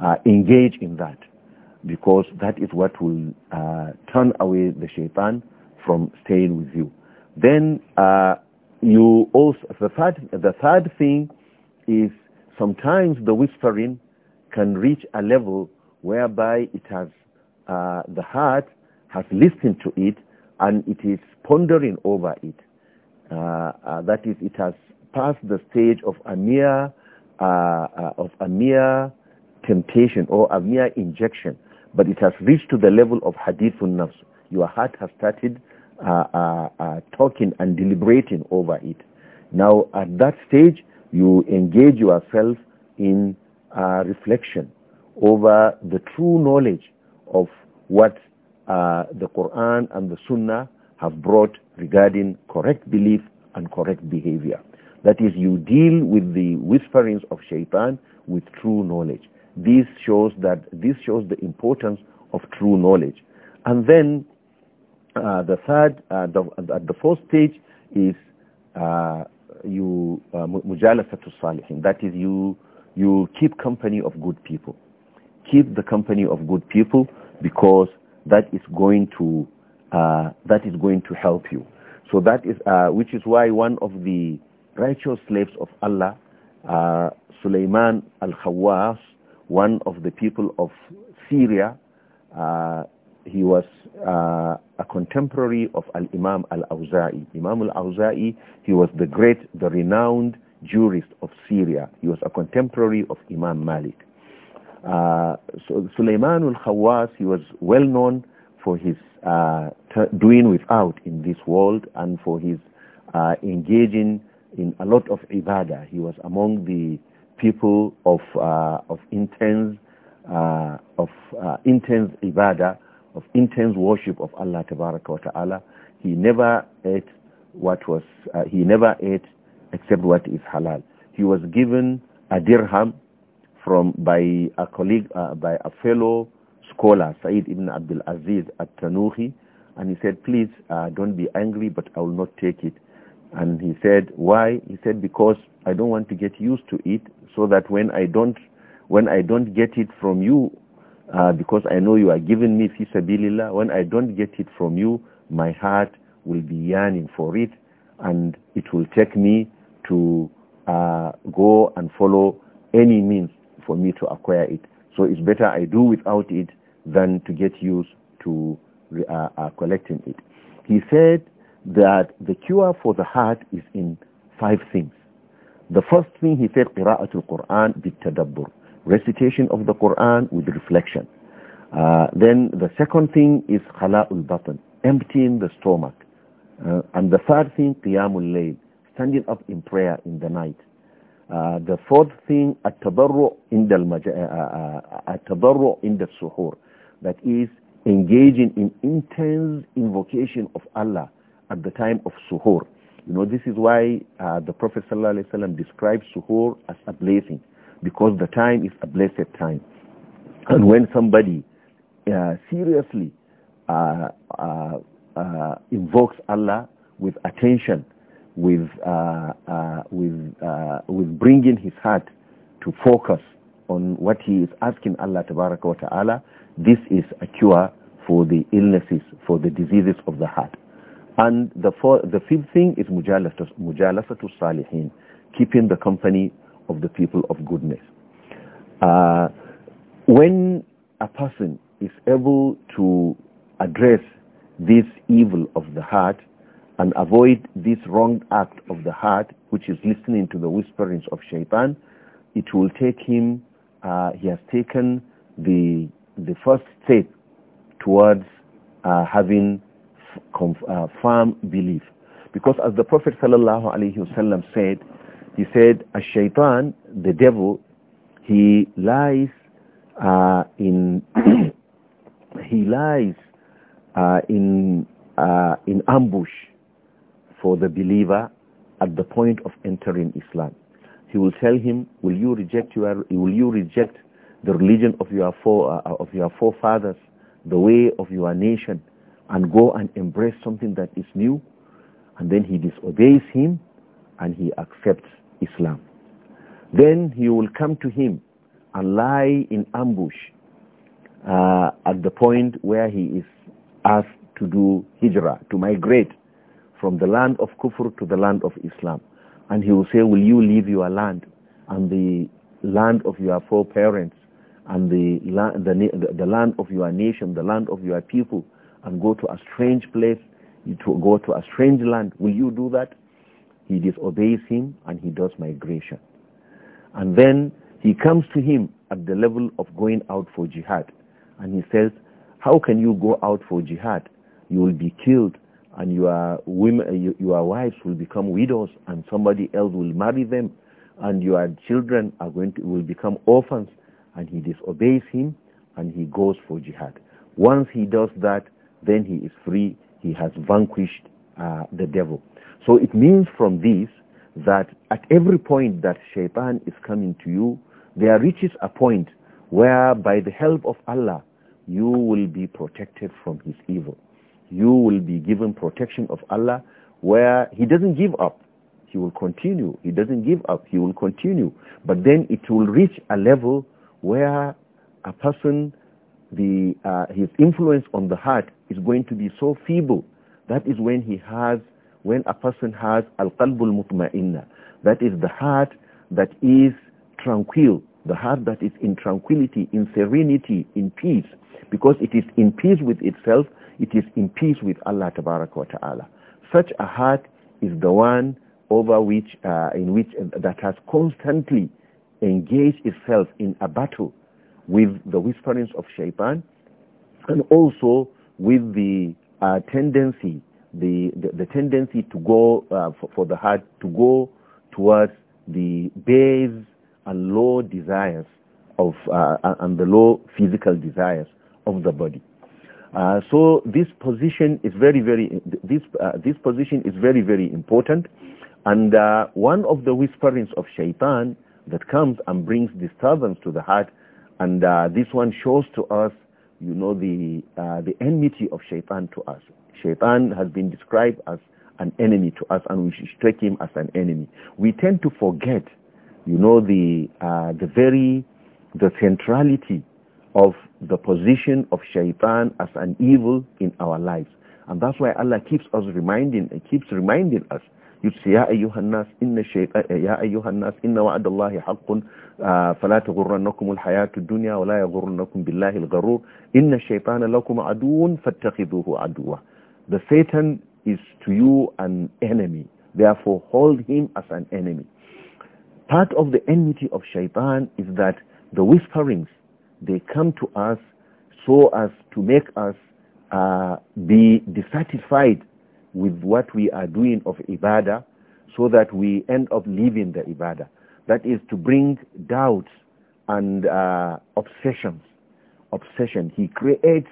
uh, engage in that because that is what will turn away the shaitan from staying with you. Then you also the third the third thing is sometimes the whispering can reach a level whereby it has the heart has listened to it and it is pondering over it. Uh, uh, that is, it has passed the stage of a mere uh, uh of a mere temptation or a mere injection, but it has reached to the level of hadithun nafs. Your heart has started uh, uh, talking and deliberating over it. Now, at that stage, you engage yourself in reflection over the true knowledge of what uh, the Quran and the Sunnah have brought regarding correct belief and correct behavior. That is, you deal with the whisperings of shaitan with true knowledge. This shows that this shows the importance of true knowledge. And then uh, the third, uh, the, the fourth stage is uh, you uh, mujalasatu salihin. That is, you you keep company of good people, keep the company of good people because that is going to uh, that is going to help you. So that is uh, which is why one of the righteous slaves of Allah, uh, Sulaiman al Khawas, one of the people of Syria, uh, he was uh, a contemporary of al-Imam al-Awza'i. Imam al-Awza'i, he was the great, the renowned jurist of Syria. He was a contemporary of Imam Malik. Uh, so Suleiman al-Khawas, he was well known for his uh, doing without in this world and for his uh, engaging in a lot of ibadah. He was among the people of uh, of intense uh, of uh, intense ibadah, of intense worship of Allah Tabaraka wa Taala. He never ate what was he never ate except what is halal. He was given a dirham from by a colleague, uh, by a fellow scholar, Said ibn Abdul Aziz at Tanuhi, and he said, please uh, don't be angry, but I will not take it. And he said, why? He said, because I don't want to get used to it, so that when I don't, when I don't get it from you, uh, because I know you are giving me fisabilillah, when I don't get it from you, my heart will be yearning for it, and it will take me to uh, go and follow any means for me to acquire it. So it's better I do without it than to get used to uh, uh, collecting it. He said that the cure for the heart is in five things. The first thing he said, qira'atul Quran bitadabbur, recitation of the Quran with reflection. Uh, then the second thing is khala'ul batan, emptying the stomach. Uh, and the third thing, qiyamul layl, standing up in prayer in the night. Uh, the fourth thing, at-tabarru' inda uh, uh, the suhoor, That is engaging in intense invocation of Allah at the time of suhoor. You know, this is why uh, the Prophet ﷺ describes suhoor as a blessing, because the time is a blessed time. And when somebody uh, seriously invokes Allah with attention with, uh, uh, with, uh, with bringing his heart to focus on what he is asking Allah wa Ta'ala, this is a cure for the illnesses, for the diseases of the heart. And the, four, the fifth thing is to salihin, keeping the company of the people of goodness. Uh, when a person is able to address this evil of the heart, and avoid this wrong act of the heart, which is listening to the whisperings of shaitan, it will take him, uh, he has taken the, the first step towards uh, having uh, firm belief. Because as the Prophet ﷺ said, he said, a shaitan, the devil, he lies uh, in, he lies uh, in, uh, in ambush for the believer at the point of entering Islam. He will tell him, will you reject, your, will you reject the religion of your, fore, uh, of your forefathers, the way of your nation, and go and embrace something that is new? And then he disobeys him and he accepts Islam. Then he will come to him and lie in ambush uh, at the point where he is asked to do hijrah, to migrate from the land of kufr to the land of Islam. And he will say, will you leave your land and the land of your foreparents and the, land, the, the land of your nation, the land of your people, and go to a strange place, to go to a strange land? Will you do that? He disobeys him and he does migration. And then he comes to him at the level of going out for jihad. And he says, how can you go out for jihad? You will be killed and your women, your wives will become widows, and somebody else will marry them, and your children are going to will become orphans, and he disobeys him, and he goes for jihad. Once he does that, then he is free. He has vanquished uh, the devil. So it means from this that at every point that shaitan is coming to you, there reaches a point where by the help of Allah, you will be protected from his evil you will be given protection of Allah where he doesn't give up. He will continue. He doesn't give up. He will continue. But then it will reach a level where a person, the, uh, his influence on the heart is going to be so feeble. That is when he has, when a person has al-qalbul mutma'inna. That is the heart that is tranquil, the heart that is in tranquility, in serenity, in peace. Because it is in peace with itself it is in peace with Allah wa ta'ala. Such a heart is the one over which, uh, in which, uh, that has constantly engaged itself in a battle with the whisperings of shaitan and also with the uh, tendency, the, the, the, tendency to go, uh, for, for the heart to go towards the base and low desires of uh, and the low physical desires of the body. Uh, so this position is very, very this uh, this position is very, very important, and uh, one of the whisperings of Shaitan that comes and brings disturbance to the heart, and uh, this one shows to us, you know, the uh, the enmity of Shaitan to us. Shaitan has been described as an enemy to us, and we should take him as an enemy. We tend to forget, you know, the the very the centrality of the position of shaitan as an evil in our lives. And that's why Allah keeps us reminding, and keeps reminding us. You say, Ya ayyuhan nas, inna shaitan, eh, Ya ayyuhan nas, inna wa'adallahi haqqun, فلا تغرنكم الحياة الدنيا ولا يغرنكم بالله الغرور إن الشيطان لكم عدو فاتخذوه عدوا The Satan is to you an enemy. Therefore, hold him as an enemy. Part of the enmity of shaitan is that the whisperings they come to us so as to make us uh, be dissatisfied with what we are doing of ibadah so that we end up leaving the ibadah. That is to bring doubts and uh, obsessions. Obsession. He creates,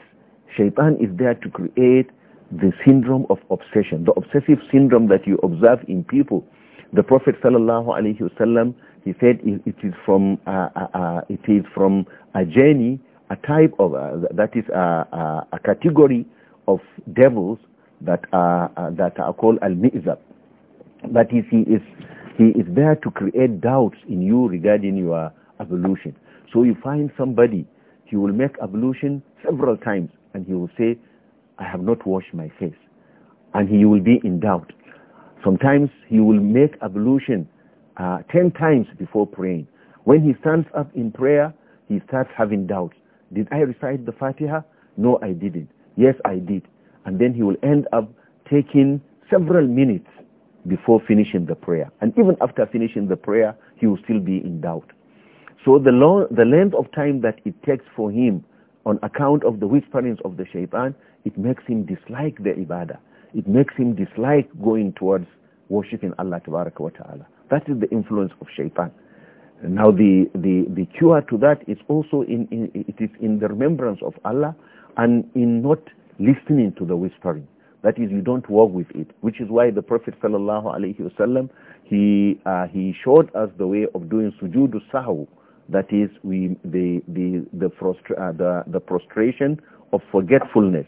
shaitan is there to create the syndrome of obsession, the obsessive syndrome that you observe in people the Prophet sallallahu alaihi wasallam he said it is from uh, uh, uh, it is from a journey, a type of uh, that is a, uh, a, category of devils that are that are called al-mizab. That is, he is he is there to create doubts in you regarding your ablution. So you find somebody, he will make ablution several times and he will say, I have not washed my face. And he will be in doubt. Sometimes he will make ablution uh, 10 times before praying. When he stands up in prayer, he starts having doubts. Did I recite the Fatiha? No, I didn't. Yes, I did. And then he will end up taking several minutes before finishing the prayer. And even after finishing the prayer, he will still be in doubt. So the, long, the length of time that it takes for him on account of the whisperings of the shaitan, it makes him dislike the ibadah it makes him dislike going towards worshipping Allah tabaraka wa ta'ala. That is the influence of shaitan. Now the, the, the cure to that is also in, in, it is in the remembrance of Allah and in not listening to the whispering. That is, you don't walk with it, which is why the Prophet sallallahu alaihi wasallam he uh, he showed us the way of doing sujood sahw. That is, we the the the, uh, the the prostration of forgetfulness.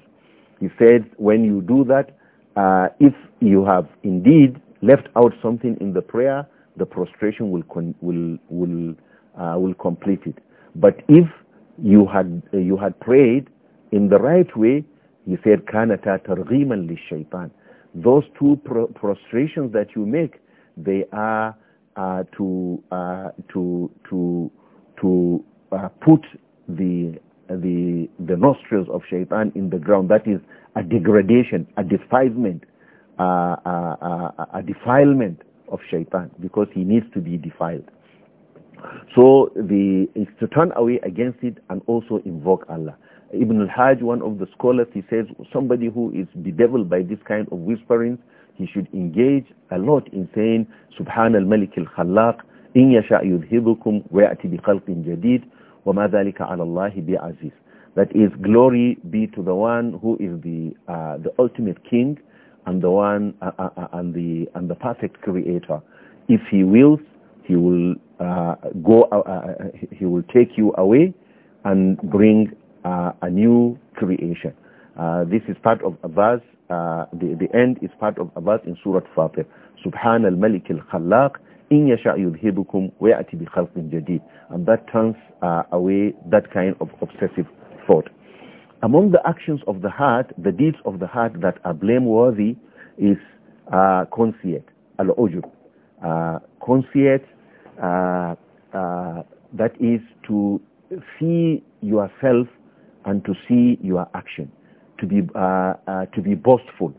He said, when you do that, uh, if you have indeed left out something in the prayer, the prostration will will will uh, will complete it. But if you had uh, you had prayed in the right way, he said kanata targhiman lishaitan. Those two pro prostrations that you make, they are uh, to uh, to to to uh, put the the, the nostrils of shaitan in the ground. That is a degradation, a defilement, uh, uh, uh, a defilement of shaitan because he needs to be defiled. So the, it's to turn away against it and also invoke Allah. Ibn al-Hajj, one of the scholars, he says somebody who is bedeviled by this kind of whisperings, he should engage a lot in saying, Subhan al Khalaq al-Khallaq, إن يشاء يذهبكم ويأتي بخلق جديد وَمَا ذَلِكَ عَلَى اللَّهِ بِعَزِيزٍ That is, glory be to the one who is the, uh, the ultimate king and the one uh, uh, uh and the and the perfect creator. If he wills, he will uh, go. Uh, he will take you away and bring a new creation. this is part of a verse. the, the end is part of a verse in Surah Fatir. سبحان الملك الخلاق in yasha yudhibukum wa ya'ti bi khalqin jadid and that turns uh, away that kind of obsessive thought among the actions of the heart the deeds of the heart that are blameworthy is uh, conceit al-ujub uh, conceit uh, uh, that is to see yourself and to see your action to be uh, uh, to be boastful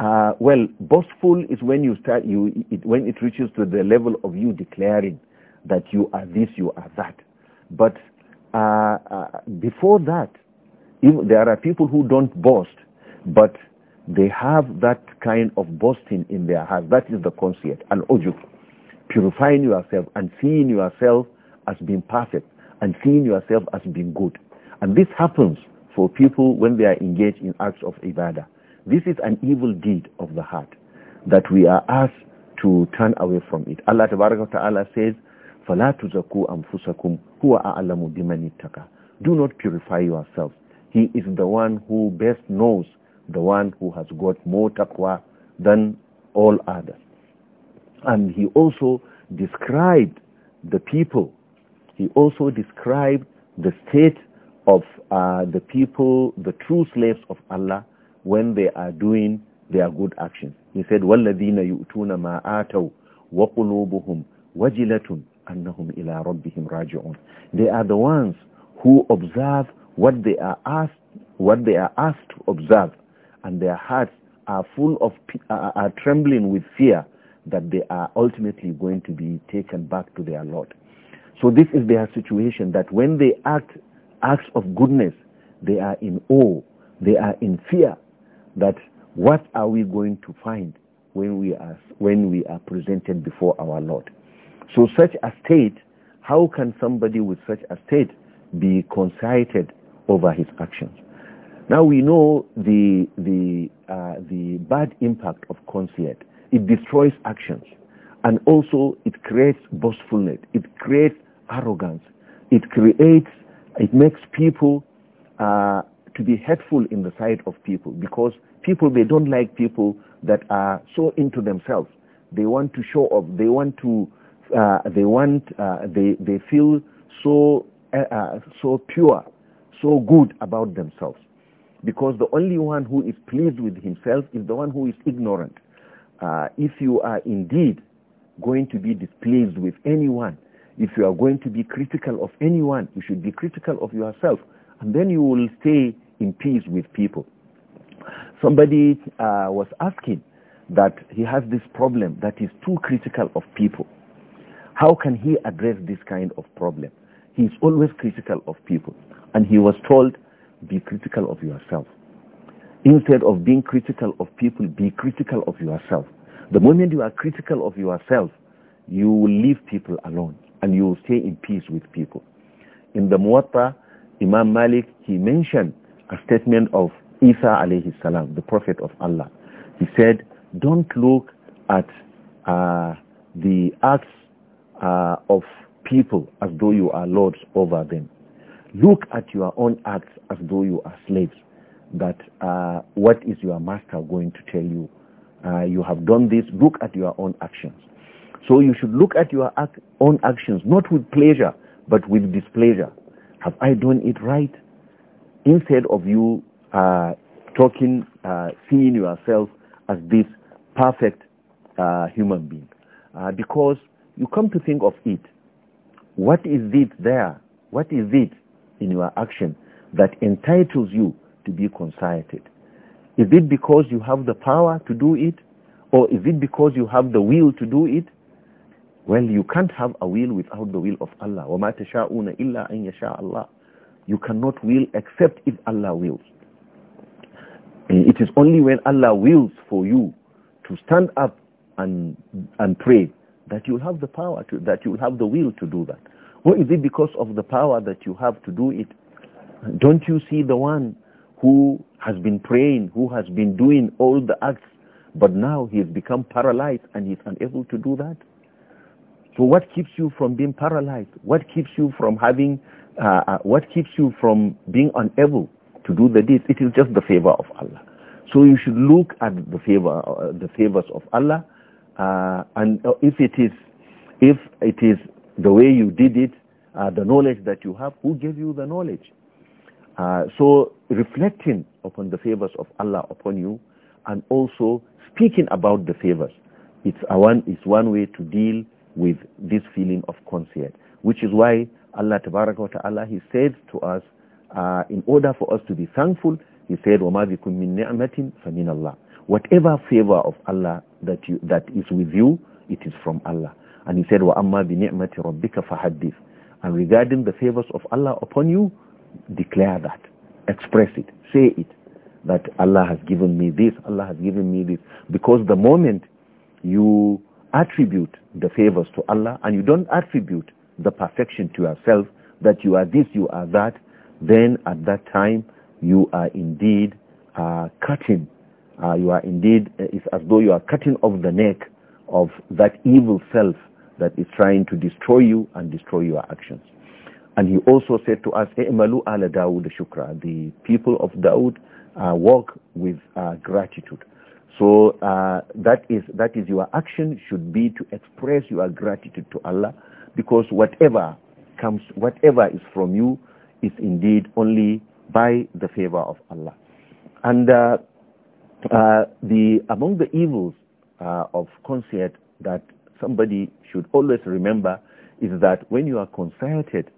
uh, well, boastful is when you start, you, it, when it reaches to the level of you declaring that you are this, you are that. But uh, uh, before that, there are people who don't boast, but they have that kind of boasting in their heart. That is the concept, and ojuk, purifying yourself and seeing yourself as being perfect and seeing yourself as being good. And this happens for people when they are engaged in acts of ibadah. This is an evil deed of the heart that we are asked to turn away from it. Allah Ta'ala says, فَلَا تُزَكُوا أَنفُسَكُمْ هُوَ أَعْلَمُ بِمَنِ اتَّقَى Do not purify yourselves. He is the one who best knows, the one who has got more taqwa than all others. And he also described the people. He also described the state of uh, the people, the true slaves of Allah, when they are doing their good actions. He said, وَالَّذِينَ يُؤْتُونَ مَا آتَوْا وَقُلُوبُهُمْ وَجِلَةٌ أَنَّهُمْ إِلَىٰ رَبِّهِمْ رَاجِعُونَ They are the ones who observe what they are asked, what they are asked to observe, and their hearts are full of, are, uh, uh, are trembling with fear that they are ultimately going to be taken back to their Lord. So this is their situation that when they act acts of goodness, they are in awe, they are in fear that what are we going to find when we are, when we are presented before our Lord? So such a state, how can somebody with such a state be concited over his actions? Now we know the, the, uh, the bad impact of conceit. It destroys actions. And also it creates boastfulness. It creates arrogance. It creates, it makes people uh, to be hateful in the sight of people because people, they don't like people that are so into themselves. They want to show off. They want to, uh, they want, uh, they, they feel so, uh, uh so pure, so good about themselves. Because the only one who is pleased with himself is the one who is ignorant. Uh, if you are indeed going to be displeased with anyone, if you are going to be critical of anyone, you should be critical of yourself. And then you will stay in peace with people. Somebody uh, was asking that he has this problem that is too critical of people. How can he address this kind of problem? He is always critical of people. And he was told, be critical of yourself. Instead of being critical of people, be critical of yourself. The moment you are critical of yourself, you will leave people alone and you will stay in peace with people. In the Muwatta, Imam Malik, he mentioned a statement of Isa alayhi salam, the prophet of Allah. He said, don't look at uh, the acts uh, of people as though you are lords over them. Look at your own acts as though you are slaves. That uh, what is your master going to tell you? Uh, you have done this. Look at your own actions. So you should look at your act, own actions, not with pleasure, but with displeasure. Have I done it right? instead of you uh, talking, uh, seeing yourself as this perfect uh, human being. Uh, because you come to think of it, what is it there? What is it in your action that entitles you to be concieted? Is it because you have the power to do it? Or is it because you have the will to do it? Well, you can't have a will without the will of Allah. وَمَا تَشَاءُونَ إِلَّا أَن يَشَاءَ اللَّهُ you cannot will except if Allah wills. Eh, it is only when Allah wills for you to stand up and, and pray that you'll have the power to, that you'll have the will to do that. Or is it because of the power that you have to do it? Don't you see the one who has been praying, who has been doing all the acts, but now he has become paralyzed and he's unable to do that? So what keeps you from being paralyzed? What keeps you from having uh, uh, what keeps you from being unable to do the deed? It is just the favor of Allah. So you should look at the favor, uh, the favors of Allah, uh, and uh, if it is, if it is the way you did it, uh, the knowledge that you have, who gave you the knowledge? so reflecting upon the favors of Allah upon you, and also speaking about the favors, it's one, it's one way to deal with this feeling of conscience, which is why Allah tabaraka wa ta'ala he said to us uh, in order for us to be thankful he said وَمَا بِكُم مِّن نِعْمَةٍ فَمِنَ اللَّهِ whatever favor of Allah that you, that is with you it is from Allah and he said وَأَمَّا بِنِعْمَةِ رَبِّكَ فَحَدِّثْ and regarding the favors of Allah upon you declare that express it say it that Allah has given me this Allah has given me this because the moment you attribute the favors to Allah and you don't attribute the perfection to yourself that you are this, you are that, then at that time you are indeed uh, cutting. Uh, you are indeed, uh, it's as though you are cutting off the neck of that evil self that is trying to destroy you and destroy your actions. And he also said to us, "Emalu ala Dawood shukra. The people of Dawood uh, walk with uh, gratitude. So uh, that is that is your action should be to express your gratitude to Allah because whatever comes, whatever is from you is indeed only by the favor of Allah. And uh, uh, the among the evils uh, of concert that somebody should always remember is that when you are concerted,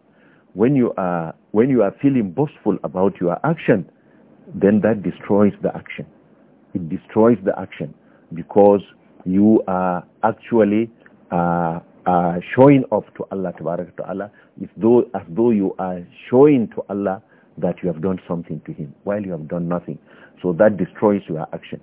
when you are when you are feeling boastful about your action, then that destroys the action. It destroys the action because you are actually uh, uh, showing off to Allah tabarak to Allah if though as though you are showing to Allah that you have done something to him while you have done nothing so that destroys your action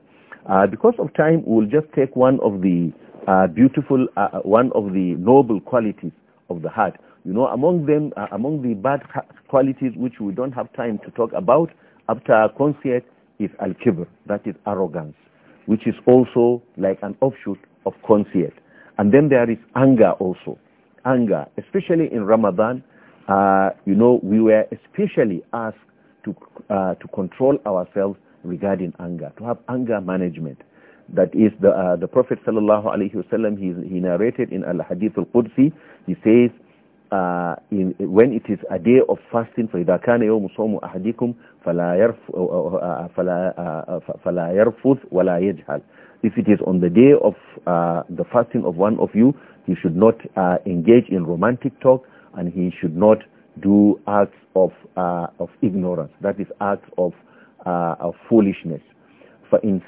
uh, because of time we'll just take one of the uh, beautiful uh, uh, one of the noble qualities of the heart you know among them uh, among the bad qualities which we don't have time to talk about after concert is al-kibr that is arrogance which is also like an offshoot of concert and then there is anger also. Anger, especially in Ramadan, uh, you know, we were especially asked to, uh, to control ourselves regarding anger, to have anger management. That is, the, uh, the Prophet sallallahu alaihi wasallam, he, he narrated in Al-Hadith al-Qudsi, he says, uh, in, when it is a day of fasting, فَإِذَا كَانَ يَوْمُ صَوْمُ أَحَدِكُمْ فَلَا uh, uh, uh, يَرْفُثْ وَلَا يَجْهَلْ if it is on the day of uh, the fasting of one of you, he should not uh, engage in romantic talk and he should not do acts of, uh, of ignorance, that is acts of, uh, of foolishness. When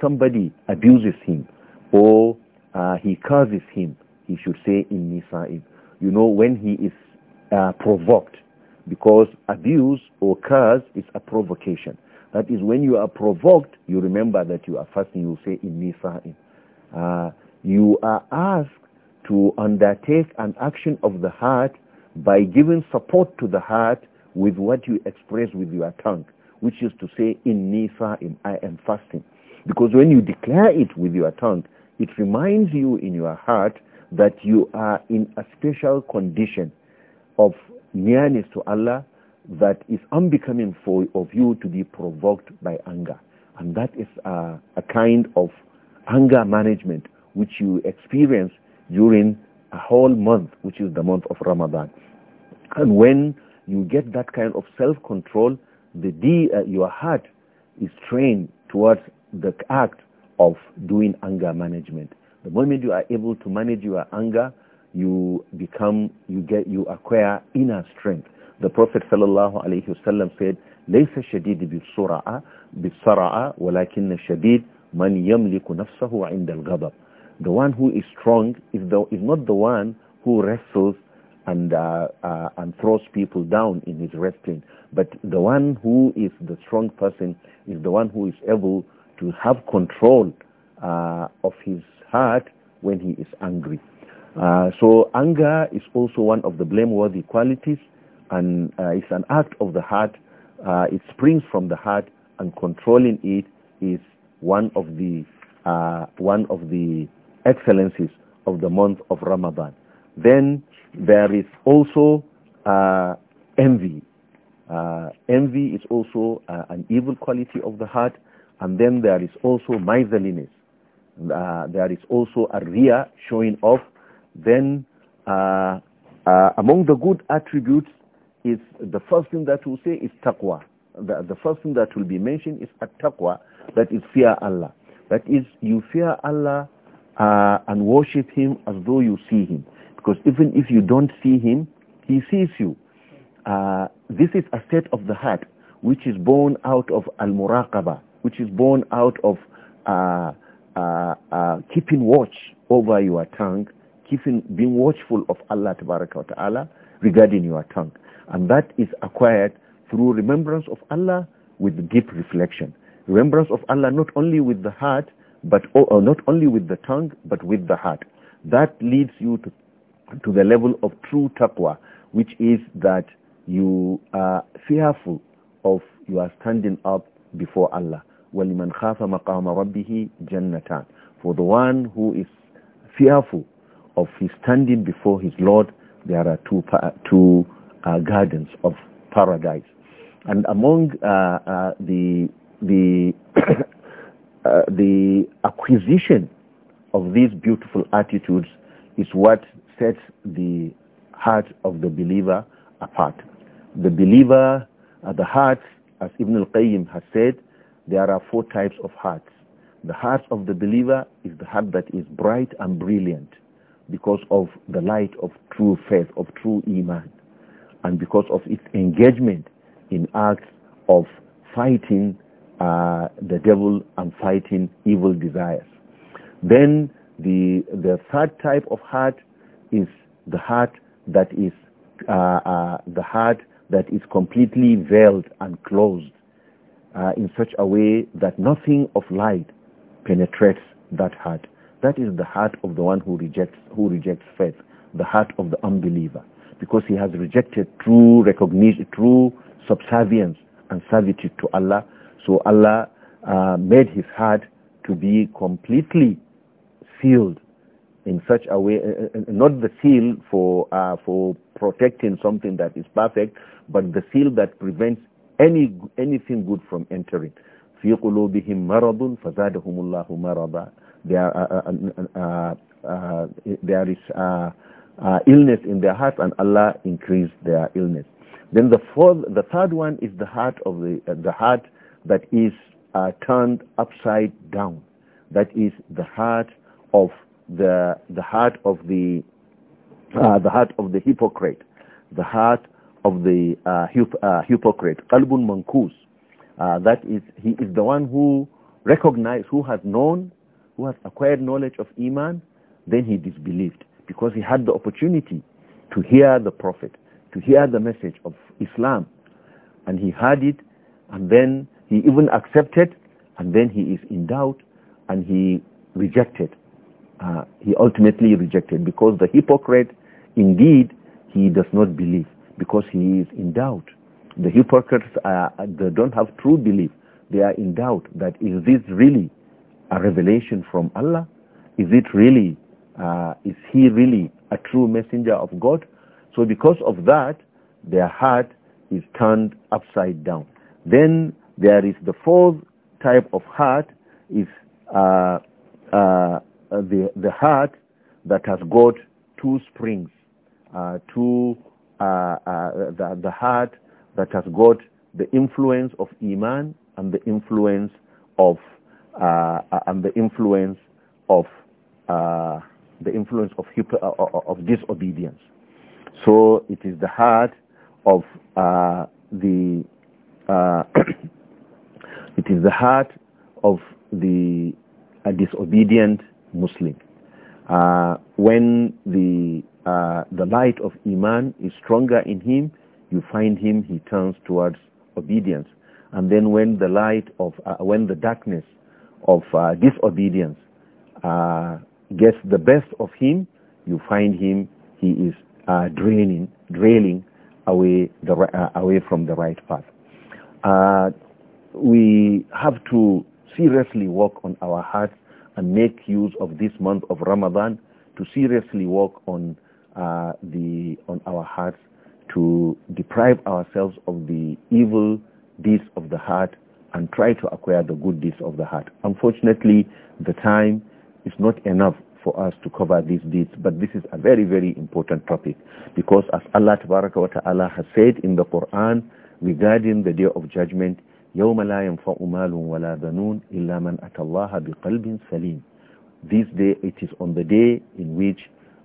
somebody abuses him or uh, he curses him, he should say in صَائِمٌ You know, when he is uh, provoked, because abuse or curse is a provocation. That is, when you are provoked, you remember that you are fasting. You say, in sa'im. Uh, you are asked to undertake an action of the heart by giving support to the heart with what you express with your tongue, which is to say, Inni in I am fasting. Because when you declare it with your tongue, it reminds you in your heart that you are in a special condition of nearness to Allah that is unbecoming for of you to be provoked by anger. And that is a, a kind of anger management which you experience during a whole month, which is the month of Ramadan. And when you get that kind of self-control, the D, uh, your heart is trained towards the act of doing anger management. The moment you are able to manage your anger, you become, you get, you acquire inner strength. The Prophet sallallahu alayhi wasallam said, ليس شديد بالسرعة بالسرعة ولكن الشديد من يملك نفسه عند الغضب. The one who is strong is, the, is not the one who wrestles and, uh, uh, and throws people down in his wrestling, but the one who is the strong person is the one who is able to have control uh, of his heart when he is angry. Uh, so anger is also one of the blameworthy qualities and uh, it's an act of the heart. Uh, it springs from the heart, and controlling it is one of the uh, one of the excellencies of the month of Ramadan. Then there is also uh, envy. Uh, envy is also uh, an evil quality of the heart, and then there is also miserliness. there is also a rear showing off. Then among the good attributes is the first thing that will say is taqwa. The, the first thing that will be mentioned is at-taqwa, that is fear Allah. That is, you fear Allah uh, and worship Him as though you see Him. Because even if you don't see Him, He sees you. Uh, this is a state of the heart which is born out of al-muraqabah, which is born out of uh, uh, uh, keeping watch over your tongue, keeping being watchful of Allah Ta'ala regarding your tongue. And that is acquired through remembrance of Allah with deep reflection. Remembrance of Allah not only with the heart, but or oh, uh, not only with the tongue, but with the heart. That leads you to, to the level of true taqwa, which is that you are fearful of you are standing up before Allah. وَلِمَنْ خَافَ مَقَامَ رَبِّهِ جَنَّتَانِ For the one who is fearful of his standing before his Lord, there are two, two uh, gardens of paradise. And among uh, uh the, the, uh, the acquisition of these beautiful attitudes is what sets the heart of the believer apart. The believer, at uh, the heart, as Ibn al-Qayyim has said, there are four types of hearts. The heart of the believer is the heart that is bright and brilliant because of the light of true faith, of true iman and because of its engagement in acts of fighting uh, the devil and fighting evil desires. Then the, the third type of heart is the heart that is uh, uh, the heart that is completely veiled and closed uh, in such a way that nothing of light penetrates that heart. That is the heart of the one who rejects, who rejects faith, the heart of the unbeliever because he has rejected true recognition, true subservience and servitude to Allah. So Allah uh, made his heart to be completely sealed in such a way, uh, uh, uh, not the seal for, uh, for protecting something that is perfect, but the seal that prevents any, anything good from entering. في قلوبهم مرض فزادهم الله مرضا there, uh, uh, uh, uh, there is uh, illness in their heart, and Allah increased their illness. Then the fourth, the third one is the heart of the, uh, the heart that is uh, turned upside down. That is the heart of the, the heart of the, uh, the heart of the hypocrite, the heart of the uh, uh, hypocrite, qalbun mankus. that is, he is the one who recognized, who has known, who has acquired knowledge of iman, then he disbelieved because he had the opportunity to hear the Prophet, to hear the message of Islam. And he heard it, and then he even accepted, and then he is in doubt, and he rejected. Uh, he ultimately rejected because the hypocrite, indeed, he does not believe because he is in doubt. The hypocrites are, they don't have true belief. They are in doubt that is this really a revelation from Allah? Is it really uh, is he really a true messenger of God? So because of that, their heart is turned upside down. Then there is the fourth type of heart is uh, uh, the, the heart that has got two springs, uh, two, uh, uh, the, the heart that has got the influence of Iman and the influence of, uh, and the influence of the influence of, uh, uh, uh, of disobedience. So it is the heart of uh, the uh, it is the heart of the uh, disobedient Muslim. when the the light of iman is stronger in him, you find him he turns towards obedience. And then when the light of when the darkness of disobedience gets the best of him, you find him, he is uh, draining, drailing away, the, uh, away from the right path. Uh, we have to seriously work on our hearts and make use of this month of Ramadan to seriously work on uh, the on our hearts to deprive ourselves of the evil deeds of the heart and try to acquire the good deeds of the heart. Unfortunately, the time it's not enough for us to cover these deeds. But this is a very, very important topic because as Allah wa ta'ala has said in the Quran regarding the Day of Judgment, يَوْمَ لَا يَنْفَعُ مَالٌ وَلَا بَنُونَ إِلَّا مَنْ أَتَى اللَّهَ بِقَلْبٍ سَلِيمٍ This day, it is on the day in which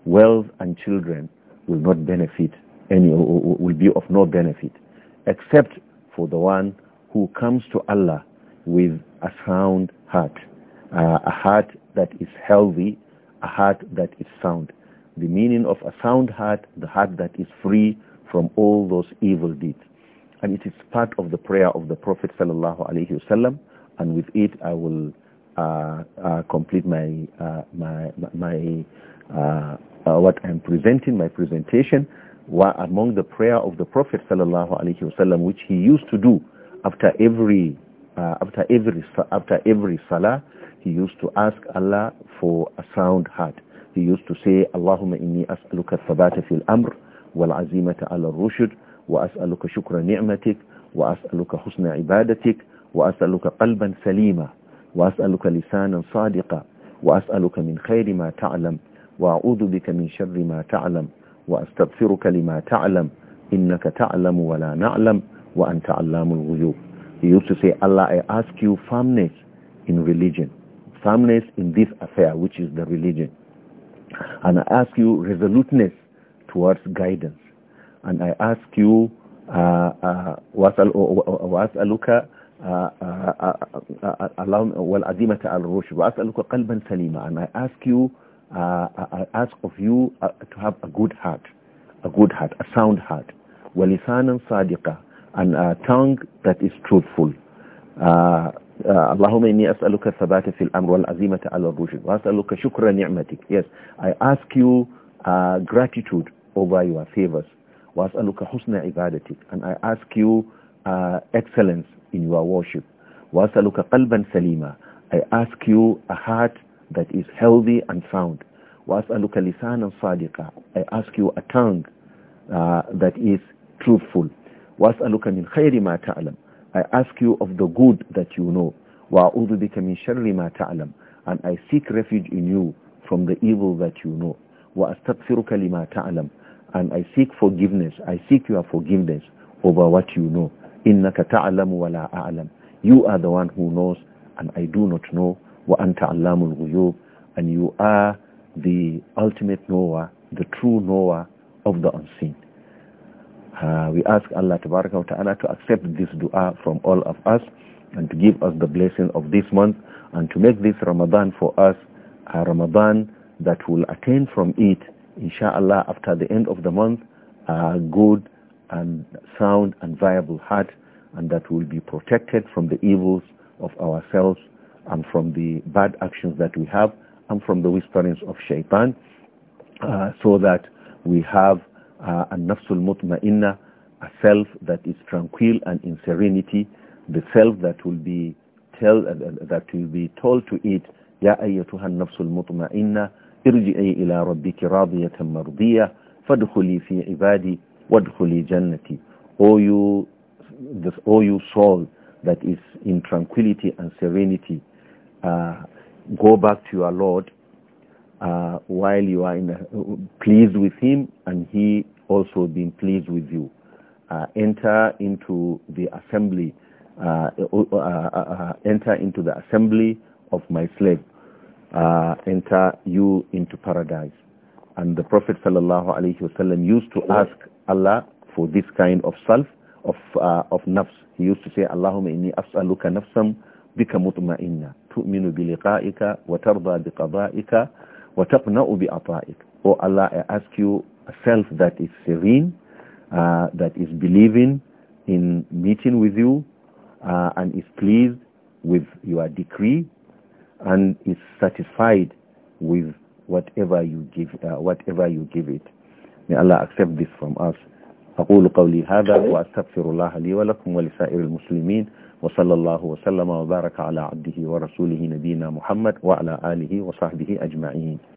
wealth and children will not benefit any, will be of no benefit, except for the one who comes to Allah with a sound heart uh, a heart that is healthy, a heart that is sound. The meaning of a sound heart, the heart that is free from all those evil deeds. And it is part of the prayer of the Prophet sallallahu alaihi wasallam. And with it, I will uh, uh, complete my uh, my my uh, uh, what I'm presenting, my presentation. Among the prayer of the Prophet sallallahu alaihi wasallam, which he used to do after every after every after every salah he used to ask Allah for a sound heart. He used to say, Allahumma inni as'aluka thabata fil amr wal azimata ala rushud wa as'aluka shukra ni'matik wa as'aluka husna ibadatik wa as'aluka qalban salima wa as'aluka lisanan sadiqa wa as'aluka min khayri ma ta'lam wa a'udhu bika min sharri ma ta'lam wa astaghfiruka lima ta'lam innaka ta'lamu wa la na'lam wa anta 'allamul ghuyub he used to say Allah I ask you firmness in religion firmness in this affair, which is the religion. And I ask you resoluteness towards guidance. And I ask you, uh, uh, Waṣaluka, والعزيمة uh, al Waṣaluka qalban قلبا and I ask you uh, I ask of you uh, to have a good heart a good heart a sound heart walisanan صادقا and a tongue that is truthful uh, uh, as'aluka إني fil-amr في الأمر والعزيمة على wa as'aluka shukra ni'matik. yes I ask you uh, gratitude over your favors as'aluka husna ibadatik. and I ask you uh, excellence in your worship وأسألك قلبا سليما I ask you a heart that is healthy and sound وأسألك لسانا صادقا I ask you a tongue uh, that is truthful وأسألك من خير ما تعلم I ask you of the good that you know. وَأَعُوذُ بِكَ مِنْ شَرِّ مَا تَعْلَمُ And I seek refuge in you from the evil that you know. وَأَسْتَغْفِرُكَ لِمَا تَعْلَمُ And I seek forgiveness. I seek your forgiveness over what you know. إِنَّكَ تَعْلَمُ وَلَا أَعْلَمُ You are the one who knows and I do not know. وَأَنْتَ عَلَّامُ الْغُيُوبِ And you are the ultimate knower, the true knower of the unseen. Uh, we ask Allah Ta'ala to accept this dua from all of us and to give us the blessing of this month and to make this Ramadan for us a Ramadan that will attain from it, inshallah, after the end of the month, a good and sound and viable heart and that will be protected from the evils of ourselves and from the bad actions that we have and from the whisperings of shaitan uh, so that we have uh, and nafsul mutma'inna, a self that is tranquil and in serenity, the self that will be uh, uh, told to it, ya ayyatuha nafsul mutma'inna, irji'i ila rabbiki radiyatan mardiyah, fadkhuli fi ibadi wadkhuli jannati. O you O you soul that is in tranquility and serenity, go back to your Lord uh, while you are in a, pleased with him and he also being pleased with you. Uh, enter into the assembly, uh, uh, uh, uh enter into the assembly of my slave, enter you into paradise. And the Prophet sallallahu alaihi wasallam used to ask Allah for this kind of self, of, of nafs. He used to say, Allahumma inni as'aluka nafsam bika mutma'inna tu'minu bi liqa'ika wa tarda bi وَتَقْنَعُ بِأَطَائِكَ Oh Allah, I ask you a self that is serene, uh, that is believing in meeting with you, uh, and is pleased with your decree, and is satisfied with whatever you give, uh, whatever you give it. May Allah accept this from us. أقول قولي هذا وأستغفر الله لي ولكم ولسائر المسلمين وصلى الله وسلم وبارك على عبده ورسوله نبينا محمد وعلى آله وصحبه أجمعين